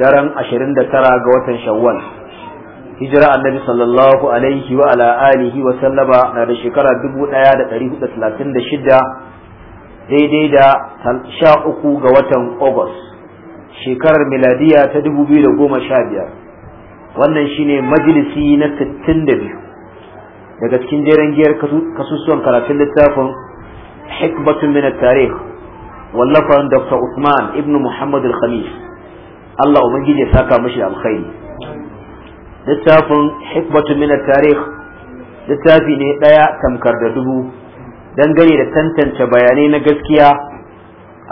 daren 29 ga watan shawwal hijira annabi sallallahu alaihi wa ala alihi wa sallama na da shekara 1436 daidai da 13 ga watan august shekarar miladiya ta 2015 wannan shine majalisi na 62 daga cikin jeren giyar kasusuwan karatun littafin hikmatun min at-tarikh wallafan dr usman ibn muhammad al-khamis Allah ubangiji ya saka mishi alkhairi littafin hikmatu min tarikh littafi ne ɗaya tamkar da dubu dangane da tantance bayanai na gaskiya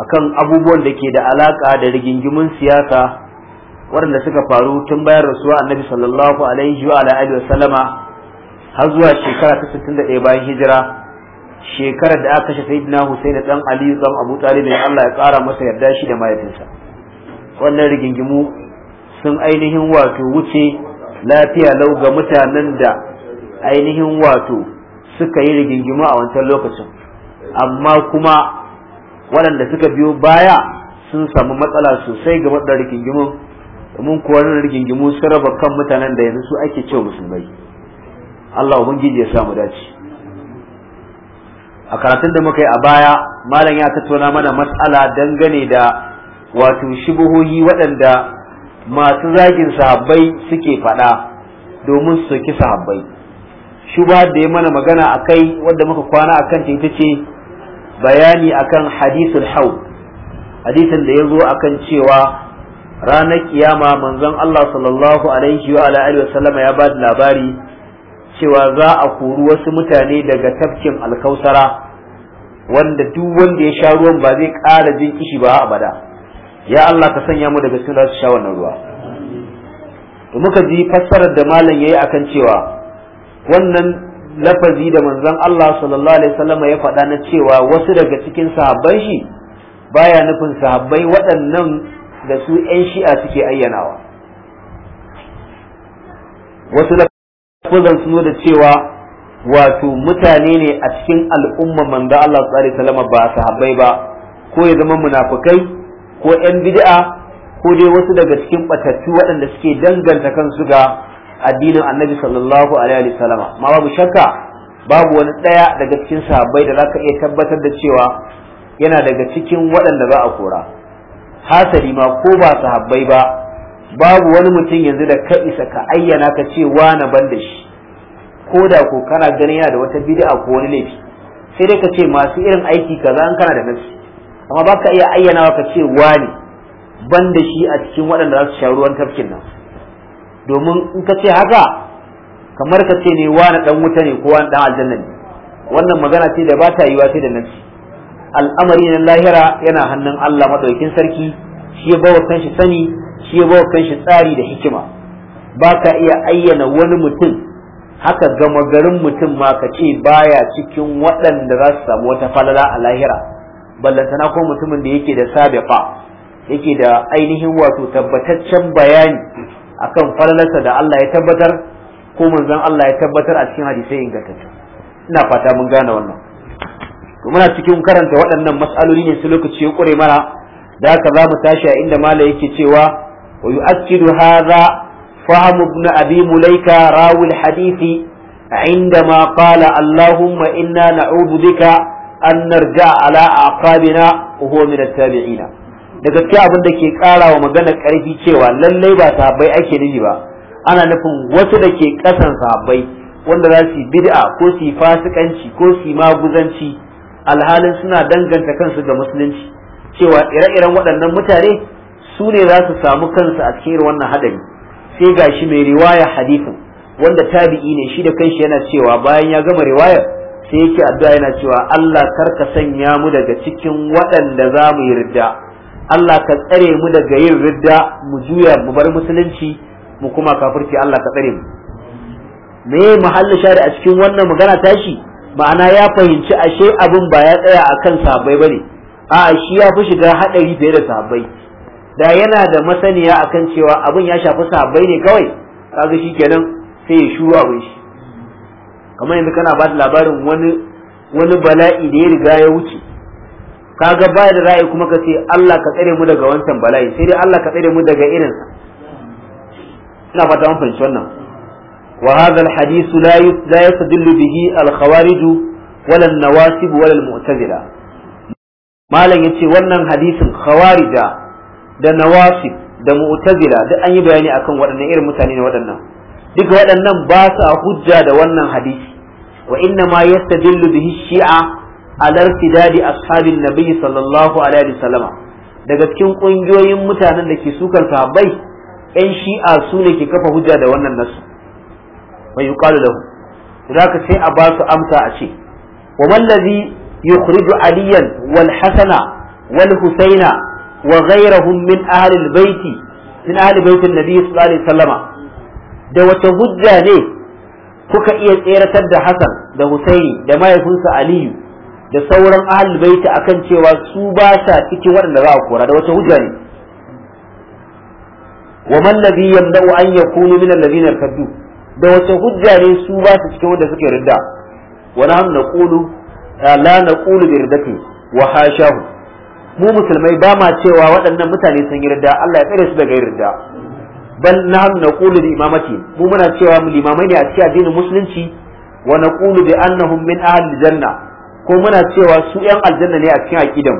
akan abubuwan da ke da alaka da rigingimun siyasa waɗanda suka faru tun bayan rasuwa annabi sallallahu alaihi wa alihi wasallama har zuwa shekara ta 61 bayan hijira shekarar da aka kashe sayyidina Hussein dan Ali dan Abu Talib ne Allah ya ƙara masa yarda shi da mahaifinsa wannan rigingimu sun ainihin wato wuce lafiya lau ga mutanen da ainihin wato suka yi rigingimu a wancan lokacin amma kuma waɗanda suka biyo baya sun samu matsala sosai ga matsalar rigingimun domin kuwa rigingimu sun raba kan mutanen da yanzu su ake cewa musulmai Allah ubangiji ya samu dace a karatun da muka yi a baya malam ya tattauna mana matsala dangane da wato shibohoyi waɗanda masu zagin sahabbai suke faɗa domin su soki sahabbai shubha da ya mana magana a kai wadda muka kwana a kanta ita ce bayani akan hadisul hau hadisin da ya zo a kan cewa ranar kiyama manzon Allah sallallahu alaihi wa alaihi wa sallama ya ba da labari cewa za a kori wasu mutane daga tafkin alkausara wanda duk wanda ya sha ruwan ba zai ƙara jin kishi ba abada ya Allah ka sanya mu daga cikin su sha wannan ruwa to muka ji fassarar da malam ya yayi akan cewa wannan lafazi da manzon Allah sallallahu alaihi wasallam ya faɗa na cewa wasu daga cikin sahabban shi baya nufin sahabbai waɗannan da su ƴan shi'a suke ayyanawa wasu lafazan suno da cewa wato mutane ne a cikin al'umma manzo Allah sallallahu alaihi wasallam ba sahabbai ba ko ya zama munafukai? ko yan bid'a ko dai wasu daga cikin batattu waɗanda suke danganta kansu ga addinin annabi sallallahu alaihi ma babu shakka babu wani ɗaya daga cikin sahabbai da za ka iya tabbatar da cewa yana daga cikin waɗanda za a kora hasali ma ko ba sahabbai ba babu wani mutum yanzu da ka isa ka ayyana ka ce na ban da shi ko da ko kana ganin yana da wata bid'a ko wani laifi sai dai ka ce masu irin aiki kaza an kana da nasi amma ba ka iya ayyana ka ce wani ban da shi a cikin waɗanda za su sha ruwan tafkin nan domin in ka ce haka kamar ka ce ne wani ɗan wuta ne ko wani ɗan aljanna ne wannan magana ce da ba ta yiwa sai da nafsi al'amari na lahira yana hannun Allah maɗaukin sarki shi ya bawa kanshi sani shi ya bawa kanshi tsari da hikima ba ka iya ayyana wani mutum haka gama garin mutum ma ka ce baya cikin waɗanda za su samu wata falala a lahira ballantana ko mutumin da yake da sabiqa yake da ainihin wato tabbataccen bayani akan falalarsa da Allah ya tabbatar ko manzon Allah ya tabbatar a cikin hadisai ingantattu ina fata mun gane wannan to muna cikin karanta waɗannan mas'aloli ne su lokaci ya kure mana da haka za mu tashi a inda mala yake cewa wa yu'akkidu hadha فهم ابن أبي مليكة راوي الحديث عندما قال اللهم إنا نعوذ بك an narja ala aqabina huwa min tabiina da gaskiya abin da ke wa magana karfi cewa lallai ba sahabbai ake nufi ba ana nufin wasu da ke kasan sahabbai wanda za su bid'a ko su fasikanci ko su maguzanci alhalin suna danganta kansu ga musulunci cewa ire-iren waɗannan mutane su ne za su samu kansu a cikin wannan hadari sai gashi mai riwaya hadithin wanda tabi'i ne shi da kanshi yana cewa bayan ya gama riwayar sai yake addu'a yana cewa Allah kar ka sanya mu daga cikin waɗanda za mu yi ridda Allah ka tsare mu daga yin ridda mu juya mu bar musulunci mu kuma kafirci Allah ka tsare mu me mahallin shari a cikin wannan magana tashi ma'ana ya fahimci ashe abin ba ya tsaya akan sahabbai ne. a shi ya fi shiga haɗari fiye da sahabbai da yana da masaniya akan cewa abin ya shafi sahabbai ne kawai kaga kenan sai ya shuru abin shi kamar yanzu kana ba da labarin wani wani bala'i da ya riga ya wuce kaga ba da ra'ayi kuma ka ce Allah ka tsare mu daga wancan bala'i sai dai Allah ka tsare mu daga irinsa ina fata mun fahimci wannan wa hadha al hadith la la yastadillu bihi al khawarij wala al nawasib wala al mu'tazila malam yace wannan hadisin khawarija da nawasib da mu'tazila duk an yi bayani akan waɗannan irin mutane ne waɗannan duk waɗannan ba sa hujja da wannan hadisi wa inna ma yastadillu bihi shi'a ala irtidadi ashabin nabi sallallahu alaihi daga cikin ƙungiyoyin mutanen da ke sukar sahabbai yan shi'a su ne ke kafa hujja da wannan nasu mai yuqalu lahu zaka sai a ba su amsa a ce wa mallazi yukhriju aliyan wal hasana wal husaina wa ghayrahum min ahli al-baiti min ahli baitin nabi sallallahu alaihi wasallama da wata hujja ne kuka iya tseratar da Hassan da Husaini da mahaifinsa Aliyu da sauran ahlul baiti akan cewa su ba sa cikin waɗanda za a kora da wata hujja ne wa man ladhi yamda'u an yakunu min alladhina kaddu? da wata hujja ne su ba su cikin wanda suke ridda wa nahnu naqulu eh, la naqulu bi riddati wa hashahu mu musulmai ba ma cewa waɗannan mutane sun yi ridda Allah ya tsare su daga ridda bal nahnu naqulu bi imamati mu muna cewa mu limamai ne a cikin addinin musulunci wa Kulu bi annahum min ahli janna ko muna cewa su yan aljanna ne a cikin aqidan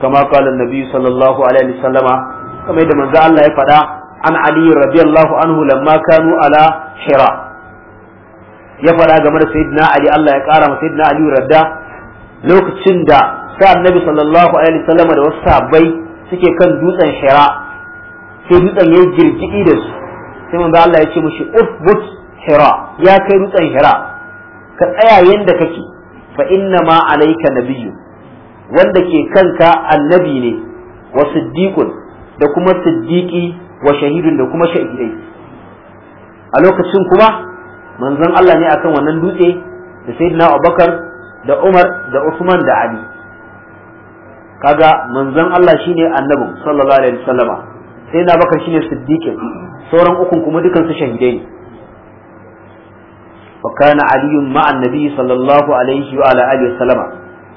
kama qala annabi sallallahu alaihi wasallama kamar yadda manzo Allah ya faɗa an ali radiyallahu anhu lamma kanu ala hira ya faɗa game da sayyidina ali Allah ya ƙara ma sayyidina ali radda lokacin da sa annabi sallallahu alaihi da wasu sahabbai suke kan dutsen shira. sai dutsen ya girgidi da su sai manzo Allah ya ce mushi ufbut hira ya kai dutsen hira ka tsaya yanda kake fa inna ma alayka nabiyyu wanda ke kanka annabi ne wa siddiqun da kuma siddiqi wa shahidun da kuma shahidai a lokacin kuma manzon Allah ne akan wannan dutse da sayyidina Abubakar da Umar da Usman da Ali kaga manzon Allah shine annabin sallallahu alaihi wasallama sai na bakar shine siddiqin sauran ukun kuma dukan su shahidai ne wa kana aliyun ma'an nabi sallallahu alaihi wa ala alihi wasallama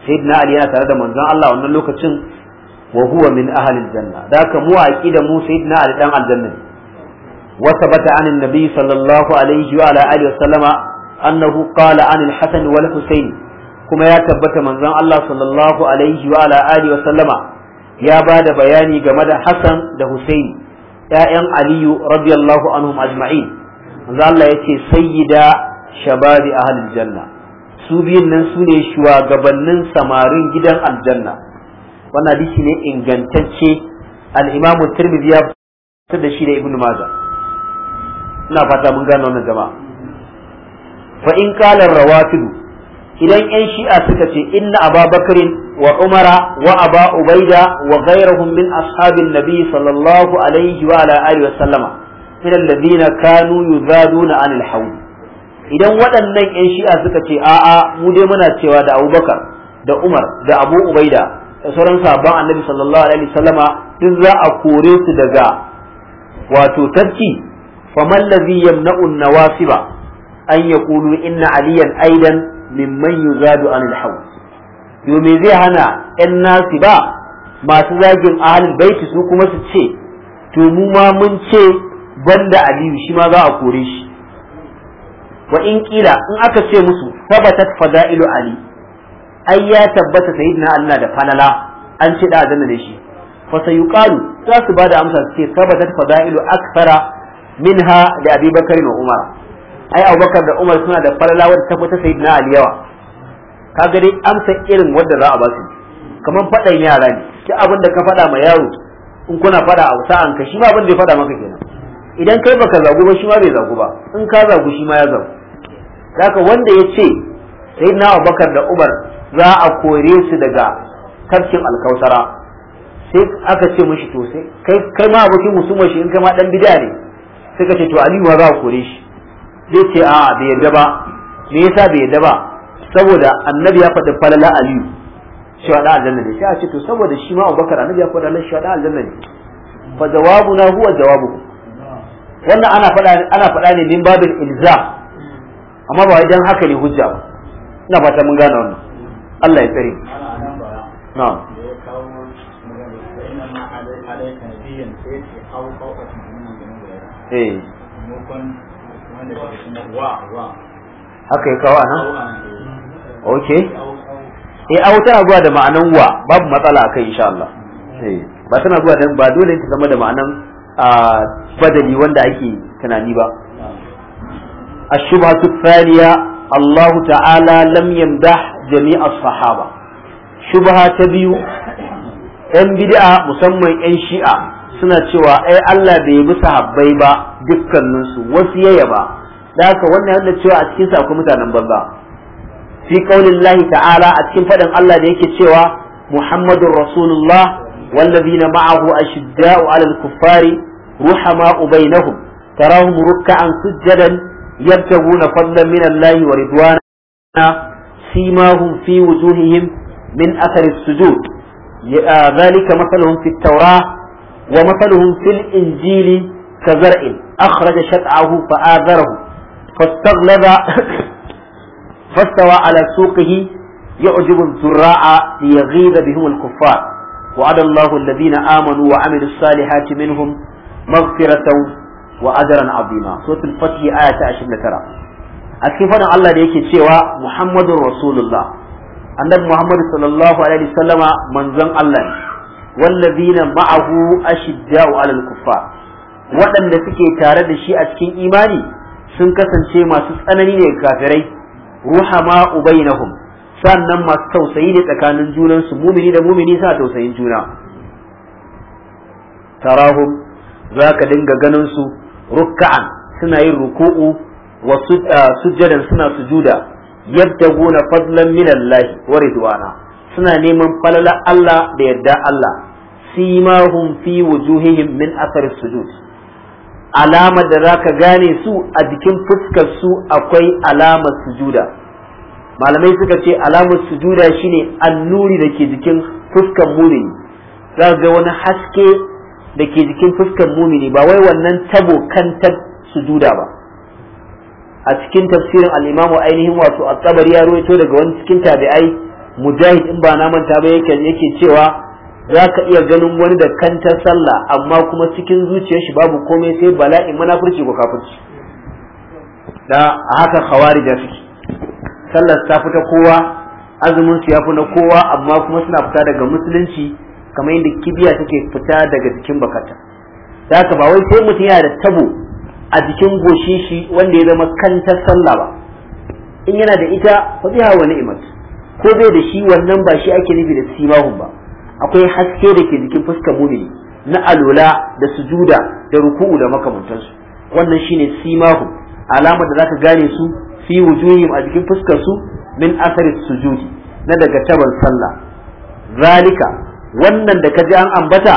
sayyidina ali yana tare da manzon Allah wannan lokacin wa huwa min ahli aljanna da ka mu aqida mu sayyidina ali dan aljanna wa sabata an nabi sallallahu alaihi wa ala alihi wasallama annahu qala an al wal husayn kuma ya tabbata manzon Allah sallallahu alaihi wa ala alihi wasallama ya ba da bayani game da Hassan da Hussein, ya'yan Aliyu radiyallahu anhum ajma'in za Allah yace sayyida shababi halin janna su biyun nan su ne shugabannin samarin gidan aljanna wannan hadisi ne ingantacce al-Imam Tirmidhi ya da shi da Ibn Maza. ina fata mun gane wannan jama'a fa in qala idan yan shi'a suka ce inna ababakarin wa umara wa aba ubaida wa ghayrahum min ashabin nabi sallallahu alaihi wa ala alihi wa sallama min alladhina kanu yuzaduna anil hawl idan waɗannan yan shi'a suka ce a'a mu dai muna cewa da abubakar da umar da abu ubaida da sauran sahabban annabi sallallahu alaihi wa sallama duk za a kore su daga wato tafki faman ladhi yamna'u an-nawasiba an yaqulu inna aliyan aidan man yuzadu anil haw yo me zai hana yan nasi ba masu zagin ahlul baiti su kuma su ce to mu ma mun ce banda aliyu shi ma za a kore shi wa in kila in aka ce musu tabatat fada'ilu ali ai ya tabbata sayyidina Allah da falala an ce da zanna da shi fa sayuqalu za su bada amsa su ce tabatat fada'ilu akthara minha da Abi da Umar ai abubakar da umar suna da falala da ta fita sayi na aliyawa ka gani amsa irin wadda za a ba su kamar faɗan yara ne Ki abin da ka faɗa ma yaro in kuna faɗa a sa'an ka shi ma abin da ya faɗa maka kenan idan kai baka zagu ba shi ma bai zagu ba in ka zagu shi ma ya zagu haka wanda ya ce sai na abubakar da umar za a kore su daga tafkin alkausara sai aka ce mashi to sai kai ma abokin musulman shi in kai ma dan bida ne sai ka ce to aliyu ma za a kore shi zai ce a'a bai yarda ba me yasa bai yarda ba saboda annabi ya faɗi falala aliyu shi wa aljanna ne sai a ce to saboda shi ma abubakar annabi ya faɗi falala shi wa aljanna ne fa na huwa jawabukum wannan ana faɗa ana faɗa ne min babin ilzam amma ba dan haka ne hujja ba ina fata mun gane wannan Allah ya tsare na'am eh haka ya kawo nan ok eh Awo tana zuwa da ma'anan wa babu matsala akai insha Allah eh, ba tana zuwa da ba dole ta zama da ma'anan badali wanda ake tunani ba الشبهة Allahu ta'ala lamyan لم jami'a sahaba. shubha ta biyu, ‘yan bid'a musamman ‘yan shi'a suna cewa ai Allah bai bi sahabbai ba dukkaninsu wasu ya ba da haka wannan yana cewa a cikin sa akwai mutanen banza fi qaulillahi ta'ala a cikin fadin Allah da yake cewa muhammadur rasulullah والذين معه أشداء على الكفار رحماء بينهم تراهم ركعا سجدا يبتغون فضلا من الله ورضوانا سيماهم في وجوههم من أثر السجود ذلك مثلهم في التوراة ومثلهم في الإنجيل كزرع أخرج شطعه فآذره فاستغلظ فاستوى على سوقه يعجب الزراع ليغيظ بهم الكفار وعد الله الذين آمنوا وعملوا الصالحات منهم مغفرة وأجرا عظيما سورة الفتح آية 20 ترى أكفنا الله ليك cewa محمد رسول الله annabi Muhammad sallallahu alaihi wasallama manzon Allah ne wallazina ma'ahu ashidda'u alal kuffar waɗanda suke tare da shi a cikin imani sun kasance masu tsanani ne ga kafirai ruhama ubainahum sannan masu tausayi ne tsakanin junansu mumini da mumini sa tausayin juna tarahum za ka dinga ganin su rukka'an suna yin ruku'u wa sujjadan suna sujuda yadda gona fadlan min Allah wa ridwana suna neman falala Allah da yadda Allah simahum fi wujuhihim min athar sujud alamar da za ka gane su a jikin fuskar su akwai alamar sujuda malamai suka ce alamar sujuda shine annuri da ke jikin fuskar mumini za ga wani haske da ke jikin fuskar mumini ba wai wannan tabo kan ta sujuda ba a cikin tafsirin al'imamu ainihin wato a tsabar ya ruwaito daga wani cikin tabi'ai mujahid in ba na manta ba yake cewa za ka iya ganin wani da kantar sallah amma kuma cikin zuciyar shi babu komai sai bala'in munafurci ko kafirci da haka khawari da suke sallar ta fita kowa azumin su ya fi na kowa amma kuma suna fita daga musulunci kamar yadda kibiya take fita daga jikin bakata da haka ba wai sai mutum yana da tabo a jikin goshin shi wanda ya zama kantar sallah ba in yana da ita fa biha wa ni'mat ko bai da shi wannan ba shi ake nufi da simahun ba akwai haske da ke jikin fuskar mumini na alola da sujuda da ruku'u da makamantansu wannan shine simahu alama da zaka gane su fi wujuhim a jikin fuskar su min asari sujudi na daga taban sallah zalika wannan da kaji an ambata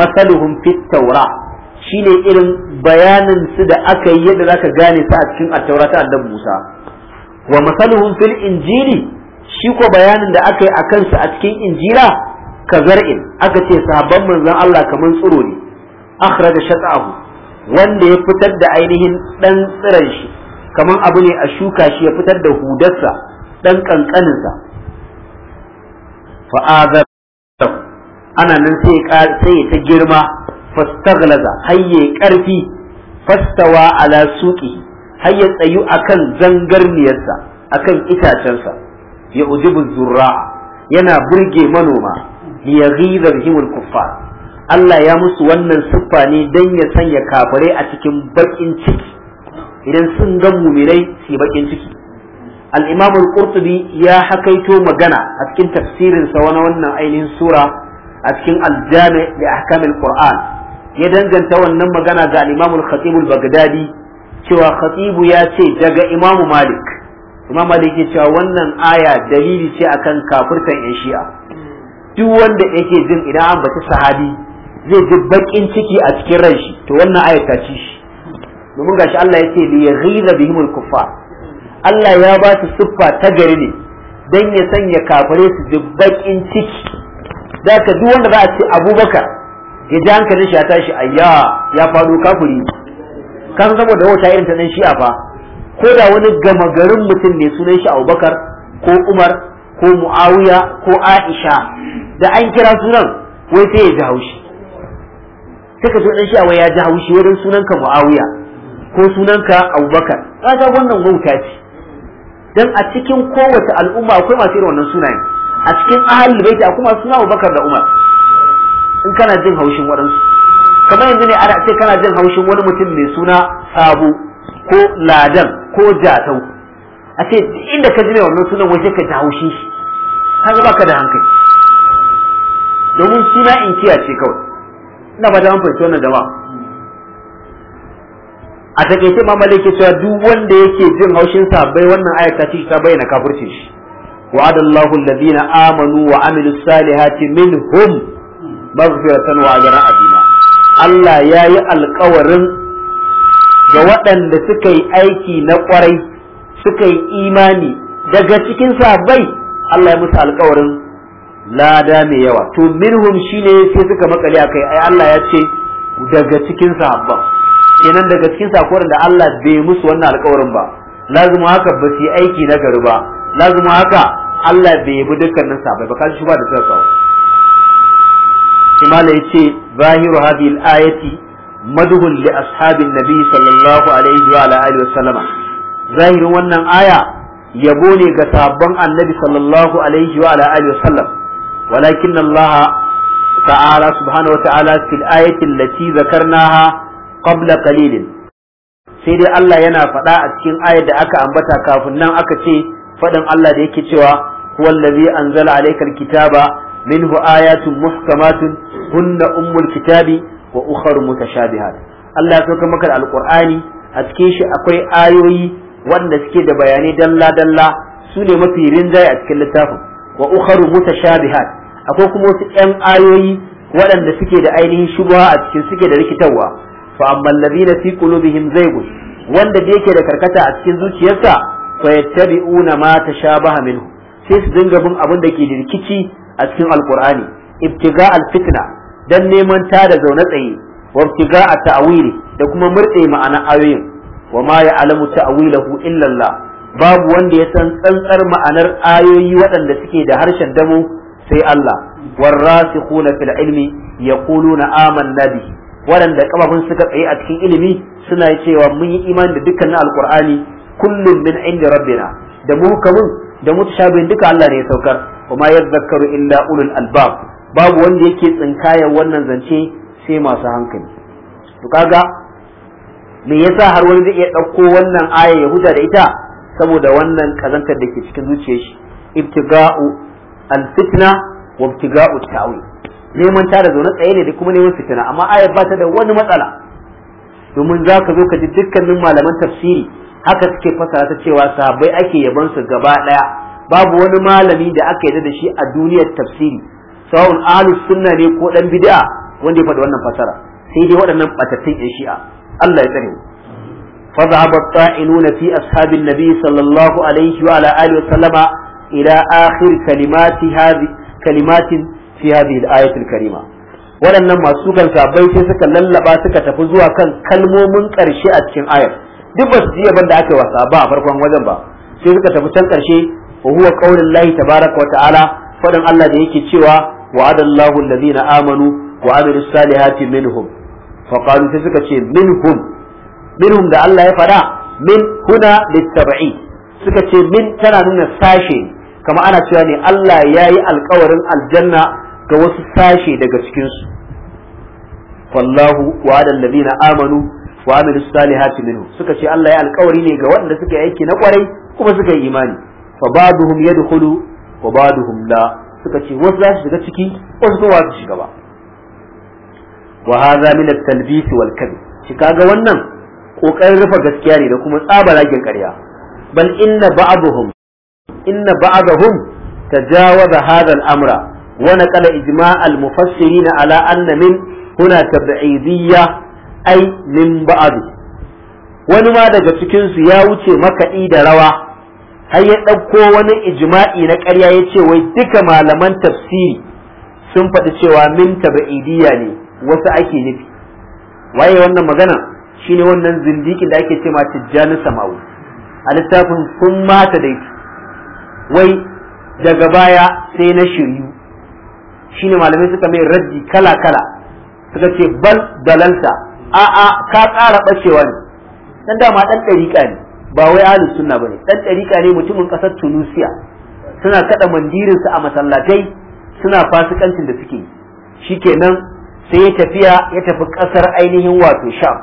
masaluhum fit taura shine irin bayanin su da aka yi yadda zaka gane su a cikin at ta annabi Musa wa masaluhum fil injili shi ko bayanin da aka yi akan su a cikin injila ka zar'in aka ce sahabban manzon Allah kamar tsiro ne akhraja shat'ahu wanda ya fitar da ainihin dan tsiran shi kamar abu ne a shuka shi ya fitar da hudarsa dan kankanin sa fa ana nan sai sai ta girma fastaglaza hayye karfi fastawa ala suqi hayya tsayu akan zangarniyarsa akan itacensa ya ujibu zurra yana burge manoma liyaghiza bihim al kuffa. Allah ya musu wannan siffa ne dan ya sanya kafirai a cikin bakin ciki idan sun ga mumirai su bakin ciki al-imam al-qurtubi ya hakaito magana a cikin tafsirin sa wani wannan ainihin sura a cikin al da ahkam al-qur'an ya danganta wannan magana ga al-imam al-khatib al-baghdadi cewa khatibu ya ce daga imam malik imam malik ya cewa wannan aya dalili ce akan kafirtan yan shi'a duk wanda yake jin idan an baci sahabi zai ji bakin ciki a cikin ran shi to wannan ayat ta ci shi domin gashi Allah ya ce li yaghiza bihimul kuffar Allah ya ba su siffa ta gari ne dan ya sanya kafare su ji bakin ciki da ka duk wanda za a ce Abubakar ya ji hankalin shi ya tashi ayya ya faɗo kafuri kan saboda wata irin ta nan a fa ko da wani gama garin mutum ne sunan shi Abubakar ko Umar ko muawiya ko aisha da an kira sunan wai sai ya ji haushi sai ka zo dan shi wai ya ji haushi sunan ka muawiya ko sunanka abubakar kaga wannan wauta ce dan a cikin kowace al'umma akwai masu irin wannan sunayen a cikin ahlul baiti akwai masu suna abubakar da umar in kana jin haushin waɗansu kamar yanzu ne ana ce kana jin haushin wani mutum mai suna sabo ko ladan ko jatau a ce inda ka ji mai wannan sunan waje ka ji haushin shi kaga baka da hankali domin suna in in ce kawai ina ba da an fahimci wannan jama'a a takaice ma malaike cewa duk wanda yake jin haushin sabai wannan ayata ce ta bayyana kafircin shi وعد الله الذين آمنوا وعملوا الصالحات منهم مغفرة وأجرا عظيما Allah ya yi alkawarin ga waɗanda suka yi aiki na ƙwarai suka yi imani daga cikin sabai Allah ya musu alƙawarin lada mai yawa to minhum shine sai suka makale akai ai Allah ya ce daga cikin sahabban kenan daga cikin sakorin da Allah bai musu wannan alƙawarin ba lazima haka ba su aiki na gari ba lazima haka Allah bai yabi dukkanin sahabbai ba kaji ba da suka kawo imala yace zahiru hadhihi al-ayati madhun li ashabin nabi sallallahu alaihi wa alihi wa sallama zahirin wannan aya yabo ne ga sabon annabi sallallahu alaihi wa ala alihi wasallam walakin Allah ta'ala subhanahu fil zakarnaha qabla qalilin sai dai Allah yana faɗa a cikin ayar da aka ambata kafin nan aka ce faɗin Allah da yake cewa huwa allazi anzala alaykal kitaba minhu ayatun muhkamatun hunna ummul kitabi wa ukhra mutashabihat Allah ya sauka maka da alqur'ani a cikin shi akwai ayoyi wanda suke da bayanai dalla dalla su ne mafi rinjaye a cikin littafin wa ukharu mutashabihat akwai kuma wasu ƴan ayoyi waɗanda suke da ainihin shubha a cikin suke da rikitarwa fa amma alladhina fi qulubihim zaygun wanda da yake da karkata a cikin zuciyarsa fa yattabi'una ma tashabaha minhu sai su dinga bin abin da ke da rikici a cikin alqur'ani ibtiga alfitna dan neman ta da zaune tsaye wa ibtiga at-ta'wili da kuma murɗe ma'ana ayoyin wa ma a ta'wilahu illa Allah babu wanda ya san tsantsar ma'anar ayoyi waɗanda suke da harshen damo sai Allah warasikhuna fil ilmi yaquluna amanna bihi waɗanda kababun suka tsaye a cikin ilimi suna cewa mun yi imani da duka na alqur'ani kullum min inda rabbina da muhkamun da mutashabihin duka Allah ne ya saukar wa ma yadhakkaru illa ulul albab babu wanda yake tsinkaya wannan zance sai masu hankali to ga. me yasa har wani zai iya ɗauko wannan aya ya huta da ita saboda wannan kazantar da ke cikin zuciyar shi ibtiga'u alfitna wa ibtiga'u ta'wil neman tare zaune tsaye ne da kuma neman fitina amma ayar ba ta da wani matsala domin za ka zo ka ji dukkanin malaman tafsiri haka suke fasara ta cewa sahabbai ake yaban su gaba daya babu wani malami da aka yarda da shi a duniyar tafsiri sawun ahlus sunna ne ko dan bid'a wanda ya faɗi wannan fasara sai dai waɗannan batattun yan shi'a Allah ya tsare fa dhahaba ta'inuna fi ashabin nabi sallallahu alaihi wa ala ila akhir kalimati hadhi kalimatin fi hadhihi al karima waɗannan masu kan sabai sai suka lallaɓa suka tafi zuwa kan kalmomin ƙarshe a cikin ayar duk ba jiya ji da aka yi wasa ba a farkon wajen ba sai suka tafi can ƙarshe wa huwa qaulul lahi tabaraka wa ta'ala faɗin Allah da yake cewa wa'adallahu alladhina amanu wa amilus salihati minhum faƙaru sai suka ce minhum minhum da Allah ya faɗa min huna littaba'i suka ce min tana nuna sashe kama ana cewa ne Allah ya yi alkawarin aljanna ga wasu sashe daga cikinsu wallahu wa adal ladina amanu wa amilu salihati minhu suka ce Allah ya alkawari ne ga waɗanda suka yi aiki na kwarai kuma suka yi imani fa ba'duhum yadkhulu wa ba'duhum la suka ce wasu za su shiga ciki wasu ba su shiga ba wa hadha min at-talbis wal kadhib wannan ƙoƙarin rufe gaskiya ne da kuma tsaba ragin ƙarya bal inna ba'dhum inna ba'dhum tajawaza hadha al-amra wa naqala ijma' al-mufassirin ala anna min huna tab'idiyya ay min ba'd wani ma daga cikin su ya wuce makaɗi da rawa har ya ɗauko wani ijma'i na ƙarya ya ce wai duka malaman tafsiri sun faɗi cewa min tab'idiyya ne wasu ake nufi waye wannan magana shine wannan zindikin da ake cewa tijjani samawu a littafin sun mata dai wai daga baya sai na shiryu shine malamai suka mai raddi kala kala suka ce bal dalalta a a ka ƙara bacewa ne dan dama dan dariƙa ne ba wai ahlus sunna bane dan dariƙa ne mutumin ƙasar Tunisia suna kada mandirin a masallatai suna fasikancin da suke shikenan sai ya tafiya ya tafi kasar ainihin wato sham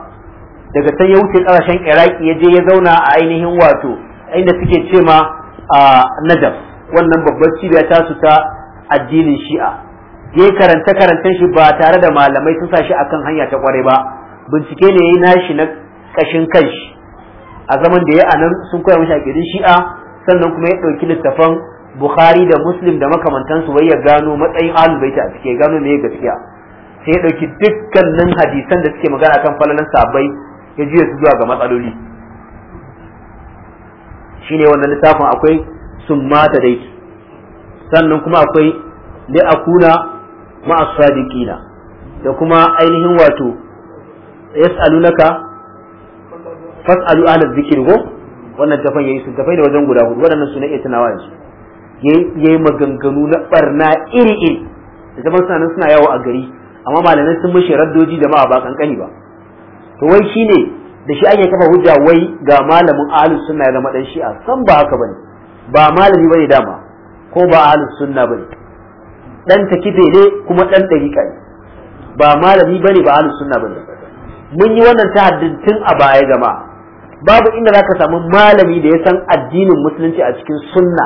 daga can ya wuce kasashen iraki ya je ya zauna a ainihin wato inda suke ce ma a najaf wannan babbar cibiya ta su ta addinin shi'a ya karanta karantar shi ba tare da malamai sun sa shi akan hanya ta kware ba bincike ne ya yi nashi na kashin kanshi a zaman da ya anan sun koya mashi akidin shi'a sannan kuma ya ɗauki littafan bukhari da muslim da makamantansu wai ya gano matsayin alubaita a cike gano me gaskiya sai ya ɗauki dukkanin hadisan da suke magana kan falalan sabai ya juya su zuwa ga matsaloli shine wannan littafin akwai sun mata dai sannan kuma akwai li'akuna ma'a sadiqina da kuma ainihin wato yas'alunaka fas'alu ala zikir go wannan tafan yayi su tafai da wajen guda hudu waɗannan sunan iya tunawa yanzu yayi maganganu na barna iri iri da zaman suna suna yawo a gari amma malamai sun mushe raddoji jama'a ba kankani ba to wai shine da shi ake kafa hujja wai ga malamin ahlus sunna ya zama dan shi'a san ba haka bane ba malami bane dama ko ba ahlus sunna bane dan takife ne kuma dan dariqa ne ba malami bane ba ahlus sunna bane mun yi wannan tahaddin tun a baya jama'a babu inda zaka samu malami da ya san addinin musulunci a cikin sunna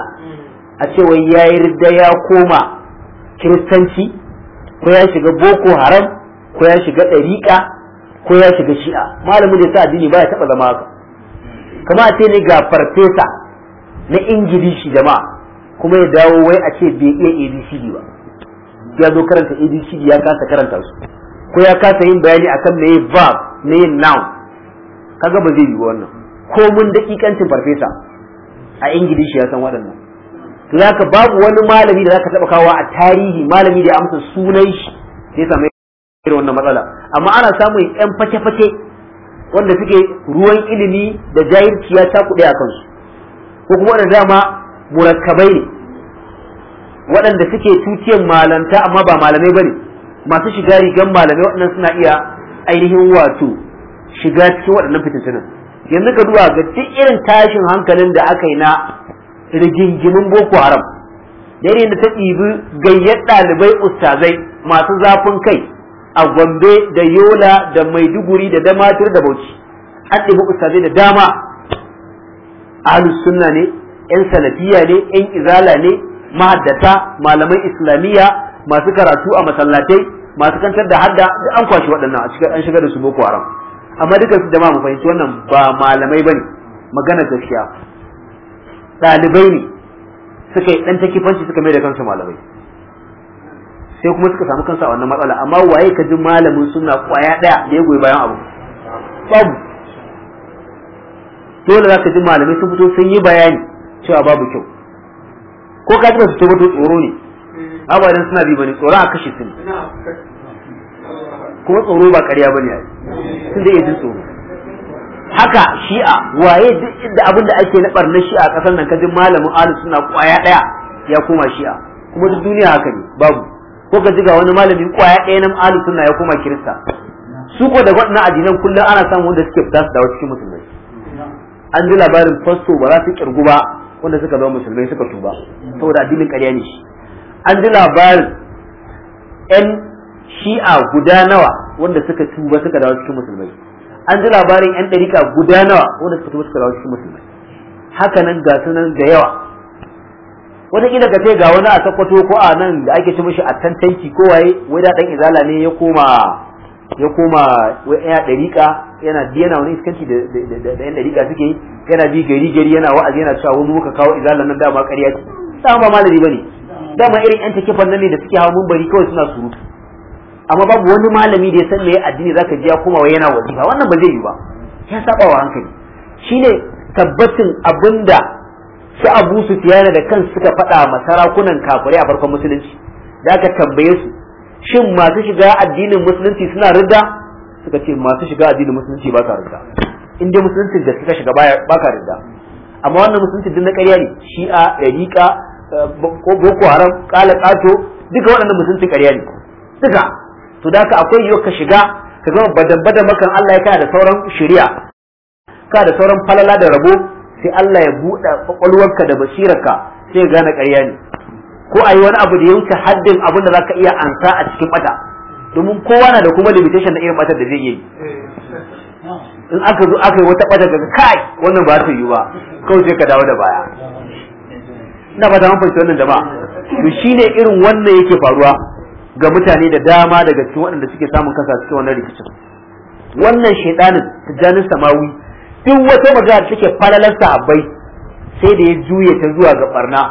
a ce wai yayi ridda ya koma kiristanci ko ya shiga boko haram ko ya shiga ɗariƙa ko ya shiga shi'a malamin da ya sa addini baya taɓa zama haka kama ce ne ga farfesa na ingilishi jama'a kuma ya dawo wai a ce bai iya abcd ba ya zo karanta abcd ya kasa karanta su ko ya kasa yin bayani akan me verb me noun kaga ba zai yi wannan ko mun dakikancin farfesa a ingilishi ya san waɗannan to ka babu wani malami da zaka taba kawa a tarihi malami da ya amsa sunan shi sai samu irin wannan matsala amma ana samun yan fake-fake wanda suke ruwan ilimi da jahilci ya kuɗe a kansu ko kuma wanda dama murakkabai ne waɗanda suke tutiyan malanta amma ba malamai bane masu shiga rigan malamai waɗannan suna iya ainihin wato shiga cikin waɗannan fitintunan yanzu ka duba ga duk irin tashin hankalin da aka yi na rigingimin boko haram yanayin da ta ɗibi gayyar ɗalibai ustazai masu zafin kai a gombe da yola da maiduguri da damatir da bauchi an ɗibi ustazai da dama ahlus sunna ne yan salafiya ne yan izala ne mahaddata malamai islamiyya masu karatu a masallatai masu kantar da hadda an kwashi waɗannan an shiga da su boko haram amma dukansu da ma mu fahimci wannan ba malamai bane magana gaskiya ɗalibai ne suka yi ɗan takifanci suka mai da kansu malamai sai kuma suka samu kansu a wannan matsala amma waye ka ji malamin suna kwaya ɗaya da ya goyi bayan abu babu dole za ka ji malamai sun fito sun yi bayani cewa babu kyau ko ka ba su ce wato tsoro ne idan suna bi bane tsoro a kashe su ne kuma tsoro ba ƙarya bane sun da iya jin tsoro haka shi'a waye duk inda abin da ake na barna shi'a kasan nan kajin malamin ahlus sunna kwaya daya ya koma shi'a kuma duk duniya haka ne babu ko ka ga wani malamin kwaya daya na ahlus sunna ya koma kirista su ko da waɗannan addinan kullum ana samun wanda suke fita su dawo cikin musulmai an ji labarin fasto ba za su kirgu ba wanda suka zama musulmai suka tuba saboda addinin ƙarya ne shi an ji labarin yan shi'a guda nawa wanda suka tuba suka dawo cikin musulmai an ji labarin yan ɗarika guda nawa wanda suka suka kalawa shi musulmai haka nan ga sunan da yawa wataƙila ka ce ga wani a Sakkwato ko a nan da ake ci mishi a tantanci ko waye wai da ɗan izala ne ya koma ya koma ya ɗariƙa yana yana wani iskanci da yan ɗariƙa suke yana bi gari gari yana wa'azi yana cewa wani muka kawo izala nan dama ƙarya ce dama ba malami bane dama irin yan takifan nan ne da suke hawa mun bari kawai suna surutu amma babu wani malami da ya san meye addini zaka ji ya koma wa yana wazifa wannan ba zai yi ba ya saba wa hankali shine tabbacin abinda su Abu Sufyan da kansu suka faɗa ma sarakunan kafirai a farkon musulunci zaka tambaye su shin masu shiga addinin musulunci suna ridda suka ce masu shiga addinin musulunci ba ka ridda in dai musulunci da suka shiga ba ka ridda amma wannan musulunci din na ƙarya ne shi'a ko eh, boko haram kala kato duka waɗannan musulunci ƙarya ne duka to da haka akwai yau ka shiga ka zama badan badan makan Allah ya kana da sauran shari'a ka da sauran falala da rabo sai Allah ya buɗe kwakwalwarka da basirarka sai ya gane ƙarya ne ko a yi wani abu da ya wuce haddin abin da za ka iya ansa a cikin bata domin kowa na da kuma limitation na irin batar da zai yi in aka zo aka yi wata bata daga kai wannan ba ta yi ba kawai sai ka dawo da baya ina ba ta mun wannan jama'a to shine irin wannan yake faruwa ga mutane da dama daga cikin waɗanda suke samun kansa cikin wannan rikicin wannan shaidanin tijanin samawi duk wata magana da take falalar sahabbai sai da ya juye ta zuwa ga barna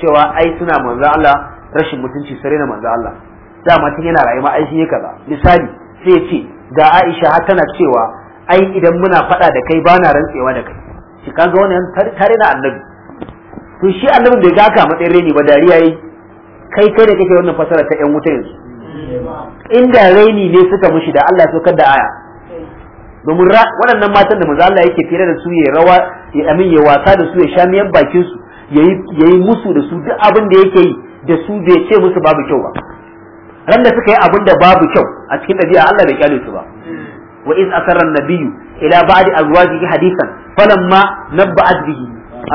cewa ai suna manzo Allah rashin mutunci sare na manzo Allah dama tun yana rayuwa ai shi kaza misali sai ya ce ga Aisha har tana cewa ai idan muna faɗa da kai bana rantsewa da kai shi kaga wannan tare na annabi to shi annabin da ya ga ka matsayin reni ba dariya yayi kai kai da kake wannan fasara ta yan wuta yanzu inda raini ne suka mushi da Allah so saukar da aya domin waɗannan matan da maza Allah yake fira da su ya rawa ya amin ya wasa da su ya sha miyan bakin su yayi musu da su duk abin da yake yi da su bai ce musu babu kyau ba Randa suka yi abin da babu kyau a cikin ɗabi'a Allah bai kyale su ba wa iz asarra nabiyyu ila ba'di azwajihi hadithan falamma nabba'at bihi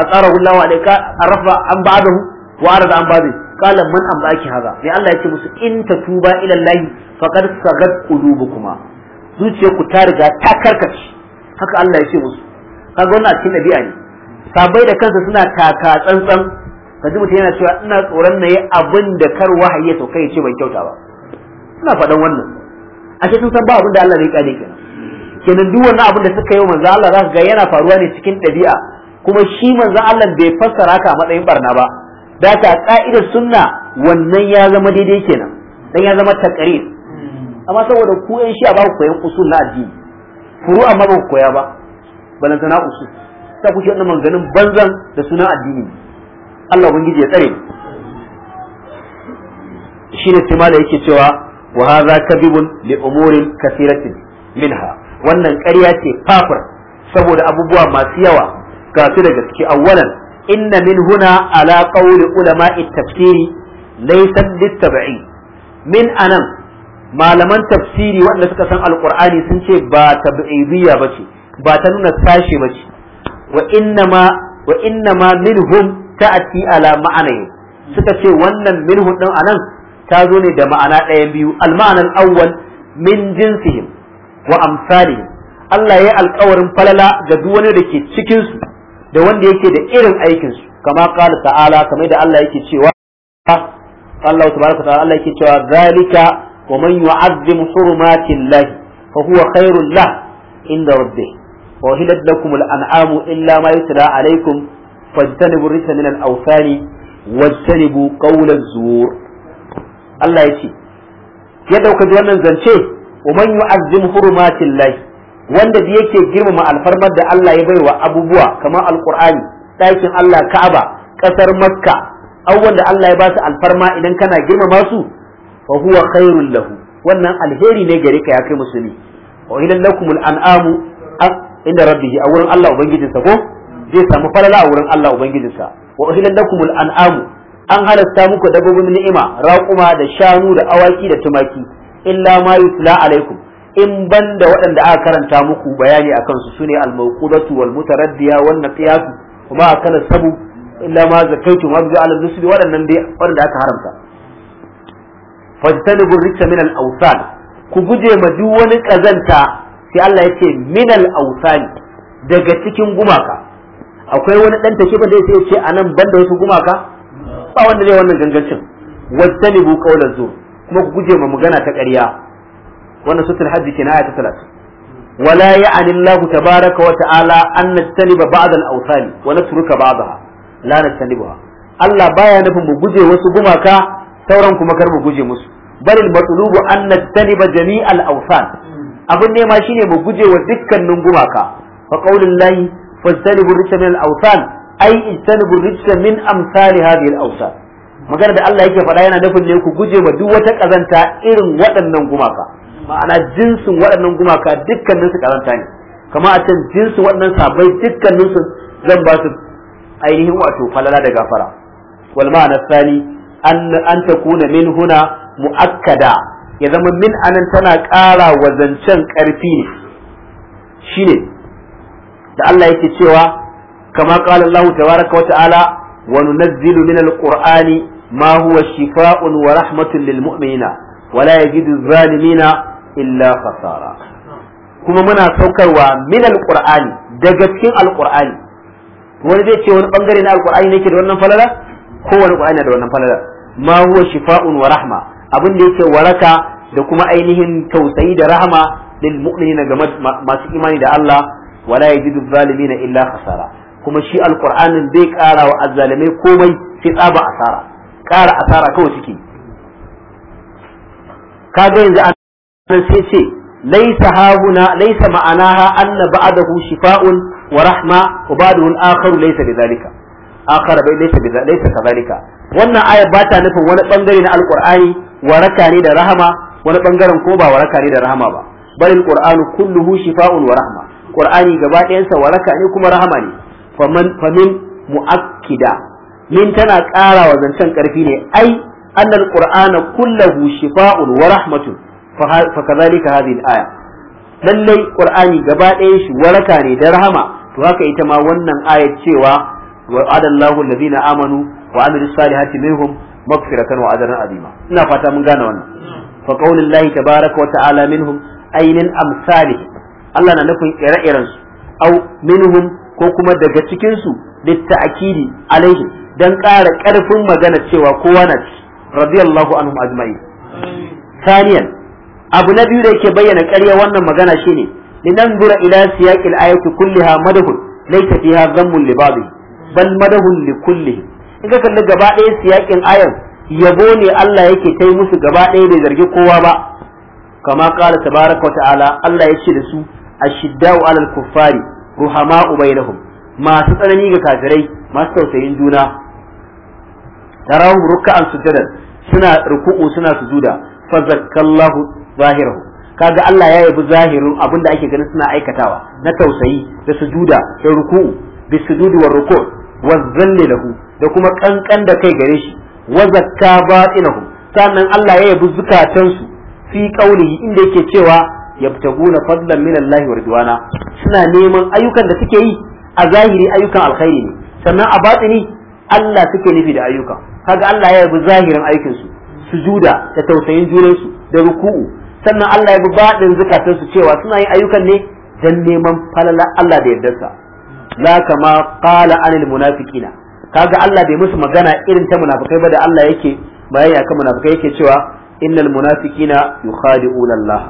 asarahu a alayka arafa an ba'dahu wa arada an ba'dahu qala man ambaki haza sai Allah ya ce musu in tatuba ila Allah faqad sagat qulubukuma zuciyarku ta riga ta karkace haka Allah ya ce musu kaga wannan cikin dabi'a ne sabai da kansa suna taka tsantsan kaji mutum yana cewa ina tsoron na yi abin da kar wahayi ya sauka ce ban kyauta ba suna faɗan wannan ashe sun san ba abin da Allah zai kare kenan duk wannan abin da suka yi manzo Allah ga yana faruwa ne cikin dabi'a kuma shi manzo bai fassara ka a matsayin barna ba da ka ka'idar sunna wannan ya zama daidai kenan dan ya zama taqrir amma saboda ku yan shi ba ku koyan usul na addini furu amma ba ku koya ba balanta na usul ta kuke wannan maganganun banzan da sunan addini Allah ubangiji ya tsare Shi sai mala yake cewa wa hadha kadibun li umurin kathiratin minha wannan ƙarya ce fafar saboda abubuwa masu yawa ga su daga ciki awwalan inna min huna ala qawli ulama'i tafsiri laysa litab'i min anan malaman tafsiri waɗanda suka san alqur'ani sun ce ba tab'idiyya bace ba ta nuna sashe bace wa innama wa innama minhum ta'ati ala ma'anayi suka ce wannan minhum din anan ta zo ne da ma'ana ɗaya biyu al-ma'anan awwal min jinsihim wa amsalihim Allah ya alkawarin falala ga duk wani da ke cikin su da wanda yake da irin aikin su kama qala ta'ala kamar da Allah yake cewa Allah tabaraka ta'ala Allah yake cewa zalika wa man yu'azzim hurumatillahi fa huwa khairul lah inda rabbih wa hidat lakum al-an'amu illa ma yutla alaykum fajtanibu risa min al-awthani wajtanibu qawla az-zur Allah yace ya dauka wannan zance wa man yu'azzim hurumatillahi wanda da yake girmama alfarmar da Allah ya baiwa abubuwa kamar alkur'ani ɗakin Allah Ka'aba ƙasar Makka abubuwan da Allah ya ba su alfarma idan kana girmama su fa huwa khairul lahu wannan alheri ne gare ka ya kai musulmi wa idan lakumul an'amu inda rabbih a wurin Allah ubangijinsa ko zai samu falala a wurin Allah ubangijinsa wa idan lakumul an'amu an halasta muku dabbobin ni'ima raƙuma da shanu da awaki da tumaki illa ma yutla alaikum in ban da waɗanda aka karanta muku bayani a kansu sune al-mawqudatu wal mutaraddiya wan naqiyas kuma akala sabu illa ma zakaitu ma bi al-rusul waɗannan dai waɗanda aka haramta fajtanibu rikta min al-awsan ku guje ma duk wani kazanta sai Allah ce min al-awsan daga cikin gumaka akwai wani dan take ba da sai yace anan ban da wasu gumaka ba wanda ne wannan gangancin wajtanibu qawlan zur kuma ku guje ma magana ta ƙarya wannan suratul hajj kinaya ta 30 wala ya'ani Allah tabaaraka wa ta'ala an najtaniba ba'd al-awthan wa natruka ba'daha la najtanibuha Allah baya nufin mu guje wasu gumaka sauran kuma kar mu guje musu bal al-matlubu an najtaniba jami' al-awthan abin nema shine mu guje wa dukkanin gumaka fa qaulillahi fastanibu rijsa min al-awthan ai istanibu rijsa min amsali hadhihi al-awthan magana da Allah yake faɗa yana nufin ne ku guje ma duk wata ƙazanta irin waɗannan gumaka ma'ana jinsin waɗannan gumaka dukkanin su karanta ne kamar a can jinsin waɗannan sabai dukkanin su zan ba su ainihin wato falala da gafara wal ma'ana sani an an kuna min huna muakkada ya zama min anan tana ƙara wa zancen ƙarfi ne shine da Allah yake cewa kama qala Allah tabaraka wa ta'ala wa nunazzilu min al-qur'ani ma huwa shifaa'un wa rahmatun lil mu'minina ولا يجد الظالمين illa khasara kuma muna saukarwa min alqur'ani daga cikin alqur'ani wani zai ce wani bangare na alqur'ani ne ke da wannan falala ko wani qur'ani da wannan falala ma huwa shifa'un wa rahma abin da yake waraka da kuma ainihin tausayi da rahama lil mu'minina ga masu imani da Allah wala yajidu zalimina illa khasara kuma shi alqur'anin bai kara wa azzalimai komai sai tsaba asara kara asara kawai ciki kaga yanzu sai ce laisa hahuna laisa ma'anaha anna ba'dahu shifa'un wa rahma wa ba'dahu al-akhar laisa bidhalika akhar bai laisa bidhalika laisa kadhalika wannan aya ba ta nufin wani bangare na alqur'ani waraka ne da rahama wani bangaren ko ba waraka ne da rahama ba bal alqur'anu kulluhu shifa'un wa rahma qur'ani gaba ɗayansa waraka ne kuma rahama ne faman famin muakkida min tana ƙara wa zancen karfi ne ai annal qur'ana kulluhu shifa'un wa rahmatun fa kazalika hadhihi al-aya lallai qur'ani gaba ɗaya shi waraka ne da rahama to haka ita ma wannan ayar cewa wa'adallahu alladhina amanu wa amilus salihati minhum maghfiratan wa ajran azima ina fata mun gane wannan fa qaulullahi tabaaraka wa ta'ala minhum ainin amsalihi Allah na nufin ire-iren su au ko kuma daga cikin su litta'kidi alaihi dan ƙara ƙarfin magana cewa kowa na anhu radiyallahu anhum ajma'in ثانيا abu na biyu da yake bayyana ƙarya wannan magana shine linanzura ila siyaqil ayati kulliha madahun laysa fiha zammun li ba'd bal madahun li kulli in ka kalli gaba ɗaya siyaqin ayar yabo ne Allah yake kai musu gaba ɗaya bai zargi kowa ba kama qala tabaraka wa ta'ala Allah ce da su ashidda'u 'alal kuffari ruhama'u bainahum masu tsanani ga kafirai masu tausayin juna tarahu ruk'an sujudan suna ruku'u suna sujuda fazakallahu zahirahu kaga Allah ya yabi zahirin da ake ganin suna aikatawa na tausayi da sujuda da ruku'u bi sujudi wa ruku' wa zalli lahu da kuma kankan da kai gare shi wa zakka ba'inahu sannan Allah ya yabi zukatansu fi qaulihi inda yake cewa yabtaguna fadlan min Allah wa ridwana suna neman ayyukan da suke yi a zahiri ayyukan alkhairi ne sannan a batini Allah suke nufi da ayyuka kaga Allah ya yabi zahirin aikinsu sujuda da tausayin junansu da ruku'u sannan Allah ya bi baɗin zukatansu cewa suna yin ayyukan ne dan neman falala Allah da yardarsa la kama qala anil munafiqina kaga Allah bai musu magana irin ta munafikai ba da Allah yake bayani akan munafikai yake cewa innal munafiqina yukhadi'una Allah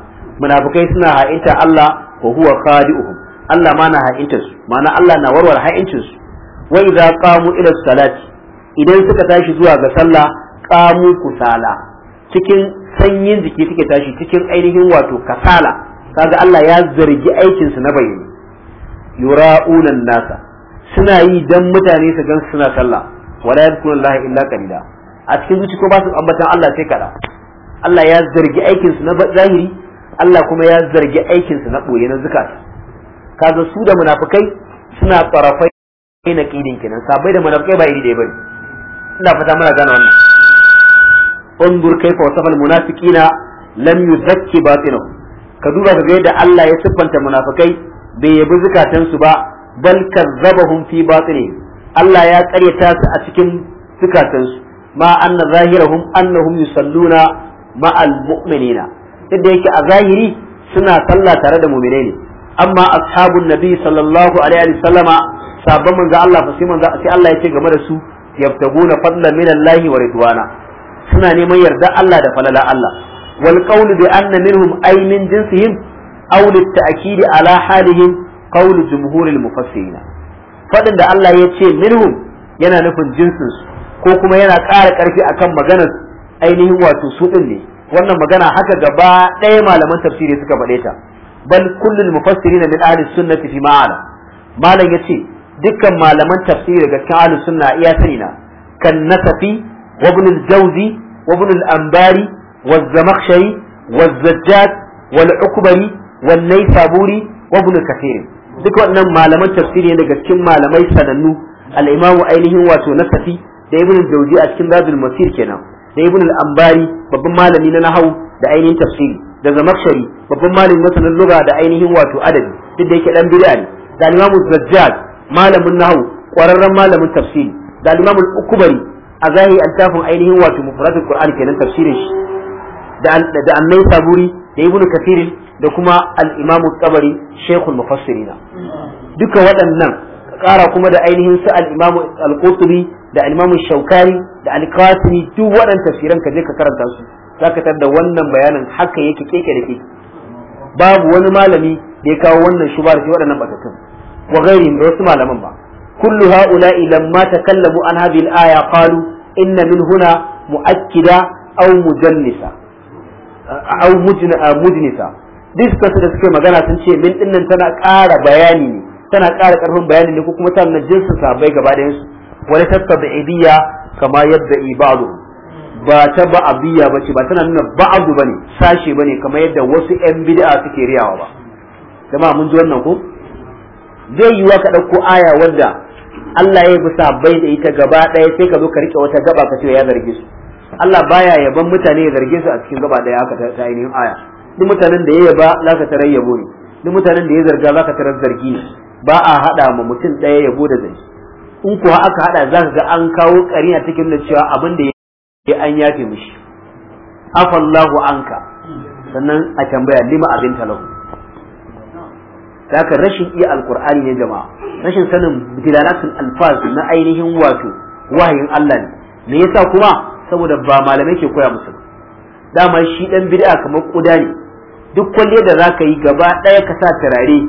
munafikai suna ha'inta Allah wa huwa khadi'uhum Allah ma na ha'inta su ma'ana Allah na warware ha'incin su wa idza qamu ila salati idan suka tashi zuwa ga sallah qamu kusala cikin sanyin jiki take tashi cikin ainihin wato kasala kaga Allah ya zargi aikin su na bayyane yura'unan nasa suna yi dan mutane su gan suna sallah wala Allah illa qalila a cikin zuci ko ba su ambatan Allah sai kada Allah ya zargi aikin su na zahiri Allah kuma ya zargi aikin su na boye na zakat kaga su da munafikai suna tsarafai na kidin kenan sabai da munafikai ba iri da bane ina fata mana gane wannan unzur kaifa wasafa almunafiqina lam yuzakki batinahum ka duba ka ga yadda Allah ya siffanta munafikai bai yabi zukatan ba bal kazzabahum fi batini Allah ya karya su a cikin zukatan su ma anna zahirahum annahum yusalluna ma almu'minina duk da yake a zahiri suna sallah tare da mu'minai ne amma ashabun nabi sallallahu alaihi wa sallama sabon Allah Allah ya ce game da su yabtaguna fadlan min Allah wa ridwana suna neman yarda Allah da falala Allah wal qawlu bi anna minhum ay min jinsihim aw lit ta'kid ala halihim qawlu jumhuril mufassirin fadin da Allah ya ce minhum yana nufin jinsin su ko kuma yana ƙara ƙarfi akan maganar ainihin wato su din ne wannan magana haka gaba ɗaya malaman tafsiri suka faɗe ta bal kullul mufassirin min ahli sunnati fi ma'ana malam yace dukkan malaman tafsiri daga cikin ahli sunna iya sani na kan nasafi وابن الجوزي وابن الأنباري والزمخشري والزجاج والعكبري والنيسابوري وابن كثير duk waɗannan malaman tafsiri daga cikin malamai sanannu al-imamu ainihin wato nasafi da ibn al-jawzi a cikin zadul masir kenan da ibn al-ambari babban malami na nahau da ainihin tafsiri da zamakshari babban malamin masanin lugha da ainihin wato adabi duk da yake dan bid'a ne da al-imamu zajjaj malamin nahau ƙwararren malamin tafsiri da al-imamu al-ukbari a zahiri a littafin ainihin wato mufratul qur'an kenan tafsirin shi da da annai saburi da ibnu kathir da kuma al-imam at-tabari shaykhul mufassirina duka waɗannan ƙara kuma da ainihin su al-imam al da al-imam shaukari da al-qasimi duk waɗannan tafsiran ka je ka karanta su zaka tar da wannan bayanin haka yake keke da keke babu wani malami da ya kawo wannan shubar shi waɗannan bakatun wa ghairi wasu malaman ba كل هؤلاء لما تكلموا عن هذه الآية قالوا إن من هنا مؤكدة أو مجنسة أو مجنسة duk kasu da suke magana sun ce min dinnan tana ƙara bayani ne tana ƙara ƙarfin bayani ne ko kuma ta nuna jinsin sabai gaba kama yadda ibalu ba ta ba ce ba tana nuna ba'adu bane sashe bane kamar yadda wasu yan bid'a suke riyawa ba jama'a mun ji wannan ko zai yiwa ka ɗauko aya wanda Allah ya yi bai da ita gaba ɗaya sai ka zo ka rike wata gaba ka ce ya zarge su Allah baya yaban mutane ya zarge su a cikin gaba ɗaya haka ta ainihin aya duk mutanen da ya yaba za ka tarar yabo ne duk mutanen da ya zarga za ka tarar zargi ne ba a haɗa ma mutum ɗaya yabo da zargi in kuwa aka haɗa za ka ga an kawo ƙarina cikin da cewa abin da ya an yafe mishi afallahu anka sannan a tambaya lima abin talahu haka rashin iya alkur'ani ne jama'a rashin sanin dilalatul alfaz na ainihin wato wahayin Allah ne me yasa kuma saboda ba malamai ke koya musu dama shi dan bid'a kamar kuda ne duk kwalliya da zaka yi gaba daya ka sa turare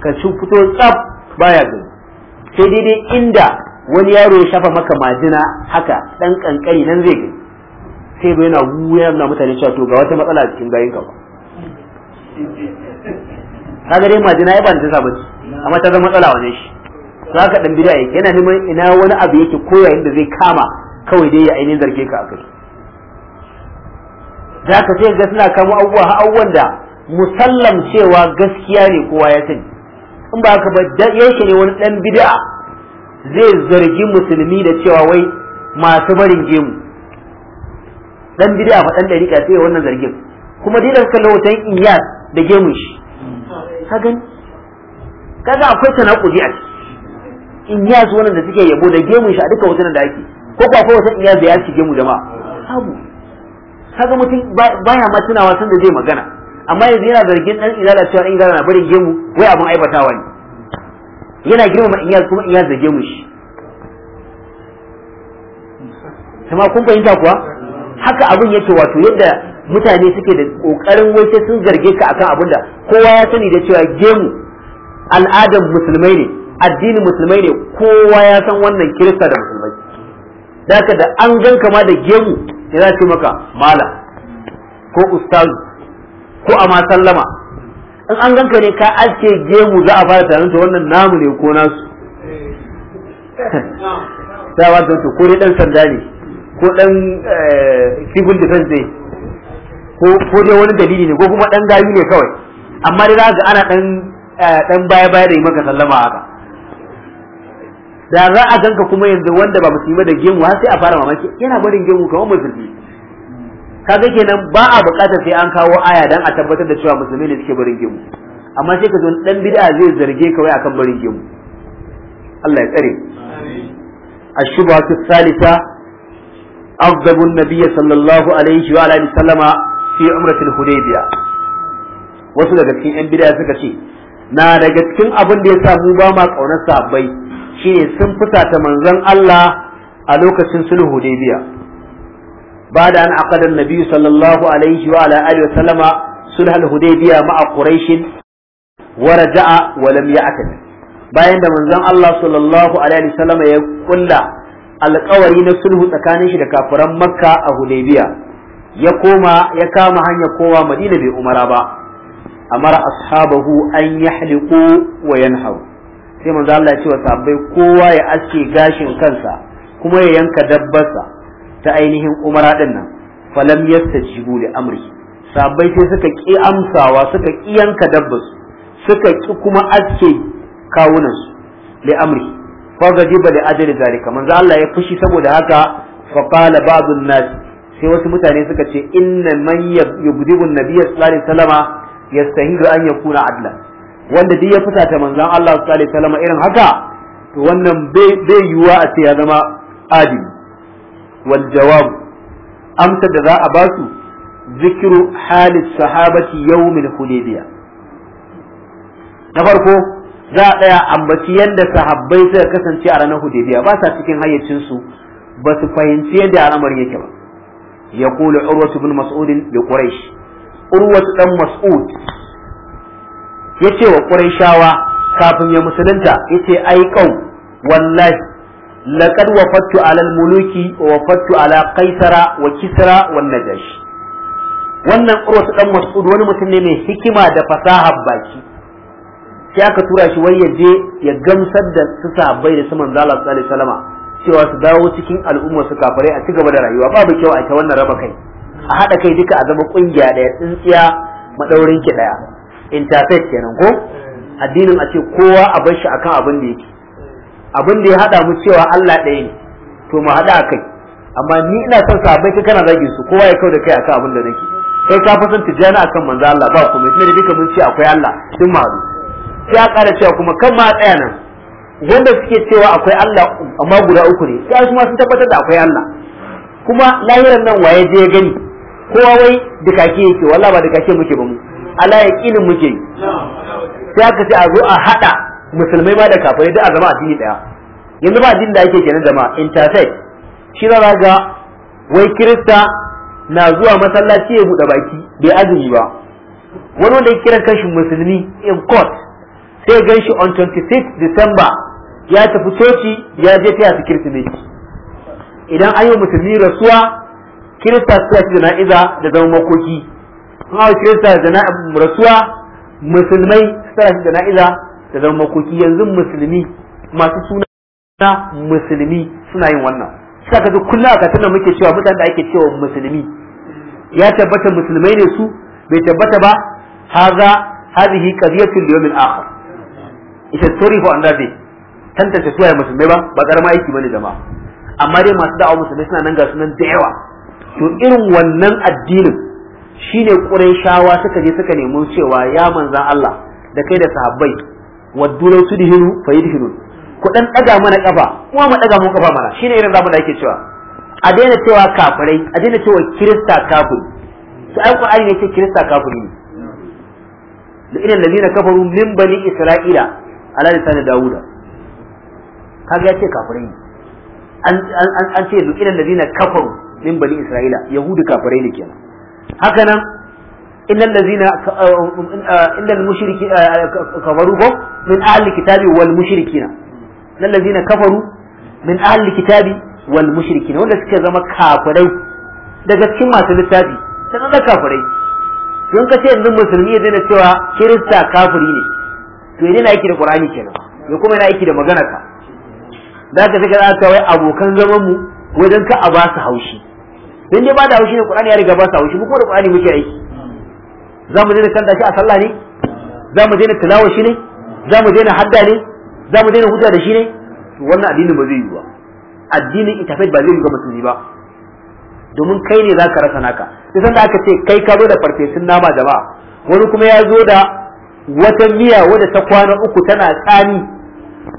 ka ci fito tsaf baya gani sai daidai inda wani yaro ya shafa maka majina haka dan kankari nan zai gani sai bai yana wuya na mutane cewa to ga wata matsala cikin gayin ka kaga gare majina ya ba najasa a amma ta zama matsala wajen shi za ka dan bid'a yana neman ina wani abu yake koya da zai kama kawai dai ya ainihin zarge ka akai za ka ce ga suna kama abubuwa ha abubuwan da musallam cewa gaskiya ne kowa ya sani in ba ka ba yake ne wani dan bid'a zai zargi musulmi da cewa wai masu barin gemu Ɗan bid'a fa dan dariƙa sai wannan zargin kuma dai da suka lawo tan iyas da gemun shi ka gani kaga akwai tanakudi a ciki, in ya su wannan da suke yabo da gemu shi a duka hotunan da ake ko kuwa ko wata in ya ya shige mu jama'a abu kaga mutum baya ma tunawa san da zai magana amma yanzu yana zargin dan izala cewa in izala na barin gemu wai abin aibatawa ne yana girmama in ya kuma in ya da gemun shi kuma kun fahimta kuwa haka abin yake wato yadda mutane suke da kokarin wai sai sun zarge ka akan abin da kowa ya sani da cewa gemu al'adan musulmai ne addinin musulmai ne kowa ya san wannan kirista da musulmai daga da an gan kama da gemu ya za ce maka mala ko ustazu ko a sallama in an ganka ne ka ake gemu za a fara tarin wannan namu ne ko nasu ta wata ko dai dan sanda ne ko dan eh, civil defense ne ko ko dai wani dalili ne ko kuma dan gayu ne kawai amma dai zaka ana dan dan eh, baya baya da yi maka sallama haka da za a ganka kuma yanzu wanda ba musulmi da gemu har sai a fara mamaki yana barin gemu kamar musulmi kaga kenan ba a bukatar sai an kawo aya dan a tabbatar da cewa musulmi ne suke barin gemu amma sai ka zo dan bid'a zai zarge ka wai akan barin gemu Allah ya tsare الشبهة الثالثة أغضب النبي صلى الله عليه وعلى آله وسلم fi umratul hudaybiya wasu daga cikin yan bidaya suka ce na daga cikin abin da ya sa mu ba ma kaunar sahabbai shine sun ta manzon Allah a lokacin sulhu hudaybiya بعد أن عقد النبي صلى الله عليه وعلى آله hudaybiya صلح quraish wa raja'a wa lam ya'tad bayan da manzon Allah sallallahu alaihi sallama ya kulla alƙawari na sulhu tsakanin shi da kafiran Makka a Hudaybiya ya koma ya kama hanya kowa madina bai umara ba amara ashabahu an yahliqu wa yanharu sai manzo Allah ya ce wa sahabbai kowa ya aske gashin kansa kuma ya yanka dabbarsa ta ainihin umara din nan falam yastajibu li amri sahabbai sai suka ki amsawa suka ki yanka dabbarsu suka ki kuma aske kawunansu li amri fa gajiba li ajali zalika manzo Allah ya fushi saboda haka fa qala ba'dun nas sai wasu mutane suka ce inna man yugdibu nabiyya sallallahu alaihi wasallama yastahilu an yakuna adlan wanda duk ya ta manzon Allah sallallahu alaihi wasallama irin haka to wannan bai yiwuwa a ce ya zama adili wal jawab amsa da za a basu zikiru halis sahabati yawmin hudaybiya na farko za a ɗaya ambaci yanda sahabbai suka kasance a ranar hudaybiya ba sa cikin hayyacinsu ba su fahimci yadda al'amarin yake ba يقول عروة بن مسعود لقريش عروة بن مسعود yace wa Qurayshawa kafin ya musulunta yace ai kau wallahi laqad wafattu ala al wa wafattu ala qaisara wa kisra wa najash wannan Urwa dan Mas'ud wani mutum ne mai hikima da fasaha baki sai aka tura shi wai ya je ya gamsar da su sahabbai da su manzo Allah sallallahu alaihi wasallama cewa su dawo cikin al'ummar su kafare a cigaba da rayuwa babu kyau a ta wannan raba kai a haɗa kai duka a zama ƙungiya ɗaya tsintsiya maɗaurin ki ɗaya interfaith kenan ko addinin a ce kowa a bar shi akan abin da yake abin da ya haɗa mu cewa Allah ɗaya ne to mu haɗa kai amma ni ina son sahabbai kai kana zagin su kowa ya kau da kai akan abin da nake kai ka fi son tijjani akan manzo Allah ba kuma tunda da duka mun ce akwai Allah sun maru sai a ƙara cewa kuma kan ma tsaya nan wanda suke cewa akwai Allah amma guda uku ne sai kuma sun tabbatar da akwai Allah kuma lahiran nan waye je ya gani kowa wai dukake yake wallahi ba dukake muke ba mu ala yaqinin muke sai aka ce a zo a hada musulmai ma da kafirai duk a zama addini daya yanzu ba addini da yake kenan jama'a intersect shi za ga wai kirista na zuwa masallaci ya buɗe baki bai azumi ba wani wanda ya kira kashin musulmi in court sai gan shi on 26 December ya tafi coci ya je ta su kirsimeti idan an yi musulmi rasuwa kirista su ci jana'iza da zama makoki an hau kirista rasuwa musulmai su tara shi jana'iza da zama makoki yanzu musulmi masu suna musulmi suna yin wannan suka kaji kullum a da muke cewa mutane da ake cewa musulmi ya tabbata musulmai ne su bai tabbata ba haza هذه قضية اليوم الآخر It's a story for another day tantance da musulmai ba ba karama aiki bane jama'a amma dai masu da'awa musulmai suna nan ga sunan da yawa to irin wannan addinin shine qurayshawa suka je suka nemi cewa ya manzan Allah da kai da sahabbai waddu law fa fayudhinun ku dan daga mana kafa kuma mu daga mu kafa mana shine irin zamu da yake cewa a daina cewa kafirai a daina cewa kirista kafiri to ai qur'ani ne ce kirista kafiri ne da irin ladina kafaru min bani isra'ila ala lisan dauda kaga ya ce kafirai ne an ce yanzu ilan lazina kafaru min bani isra'ila yahudu kafirai ne kenan haka nan illal lazina uh, illal mushriki uh, kafaru ko min ahli kitabi wal mushrikina illal lazina kafaru min ahli kitabi wal mushrikina wanda suka zama kafirai daga cikin masu littafi sanan da kafirai don ka ce yanzu musulmi ya daina cewa kirista kafiri ne to ya aiki da ƙur'ani kenan ya kuma yana aiki da maganar ka da ka fika ka wai abokan zaman mu wajen ka a ba su haushi dan dai ba da haushi ne Qur'ani ya riga ba su haushi mu kuma da Qur'ani muke aiki za mu daina kanta shi a sallah ne za mu daina tilawa shi ne za mu daina hadda ne za mu daina huta da shi ne to wannan addinin ba zai yi ba addinin itafai ba zai yi ga musulmi ba domin kai ne za ka rasa naka sai da aka ce kai ka zo da farfesun nama jama'a wani kuma ya zo da wata miya wadda ta kwana uku tana tsani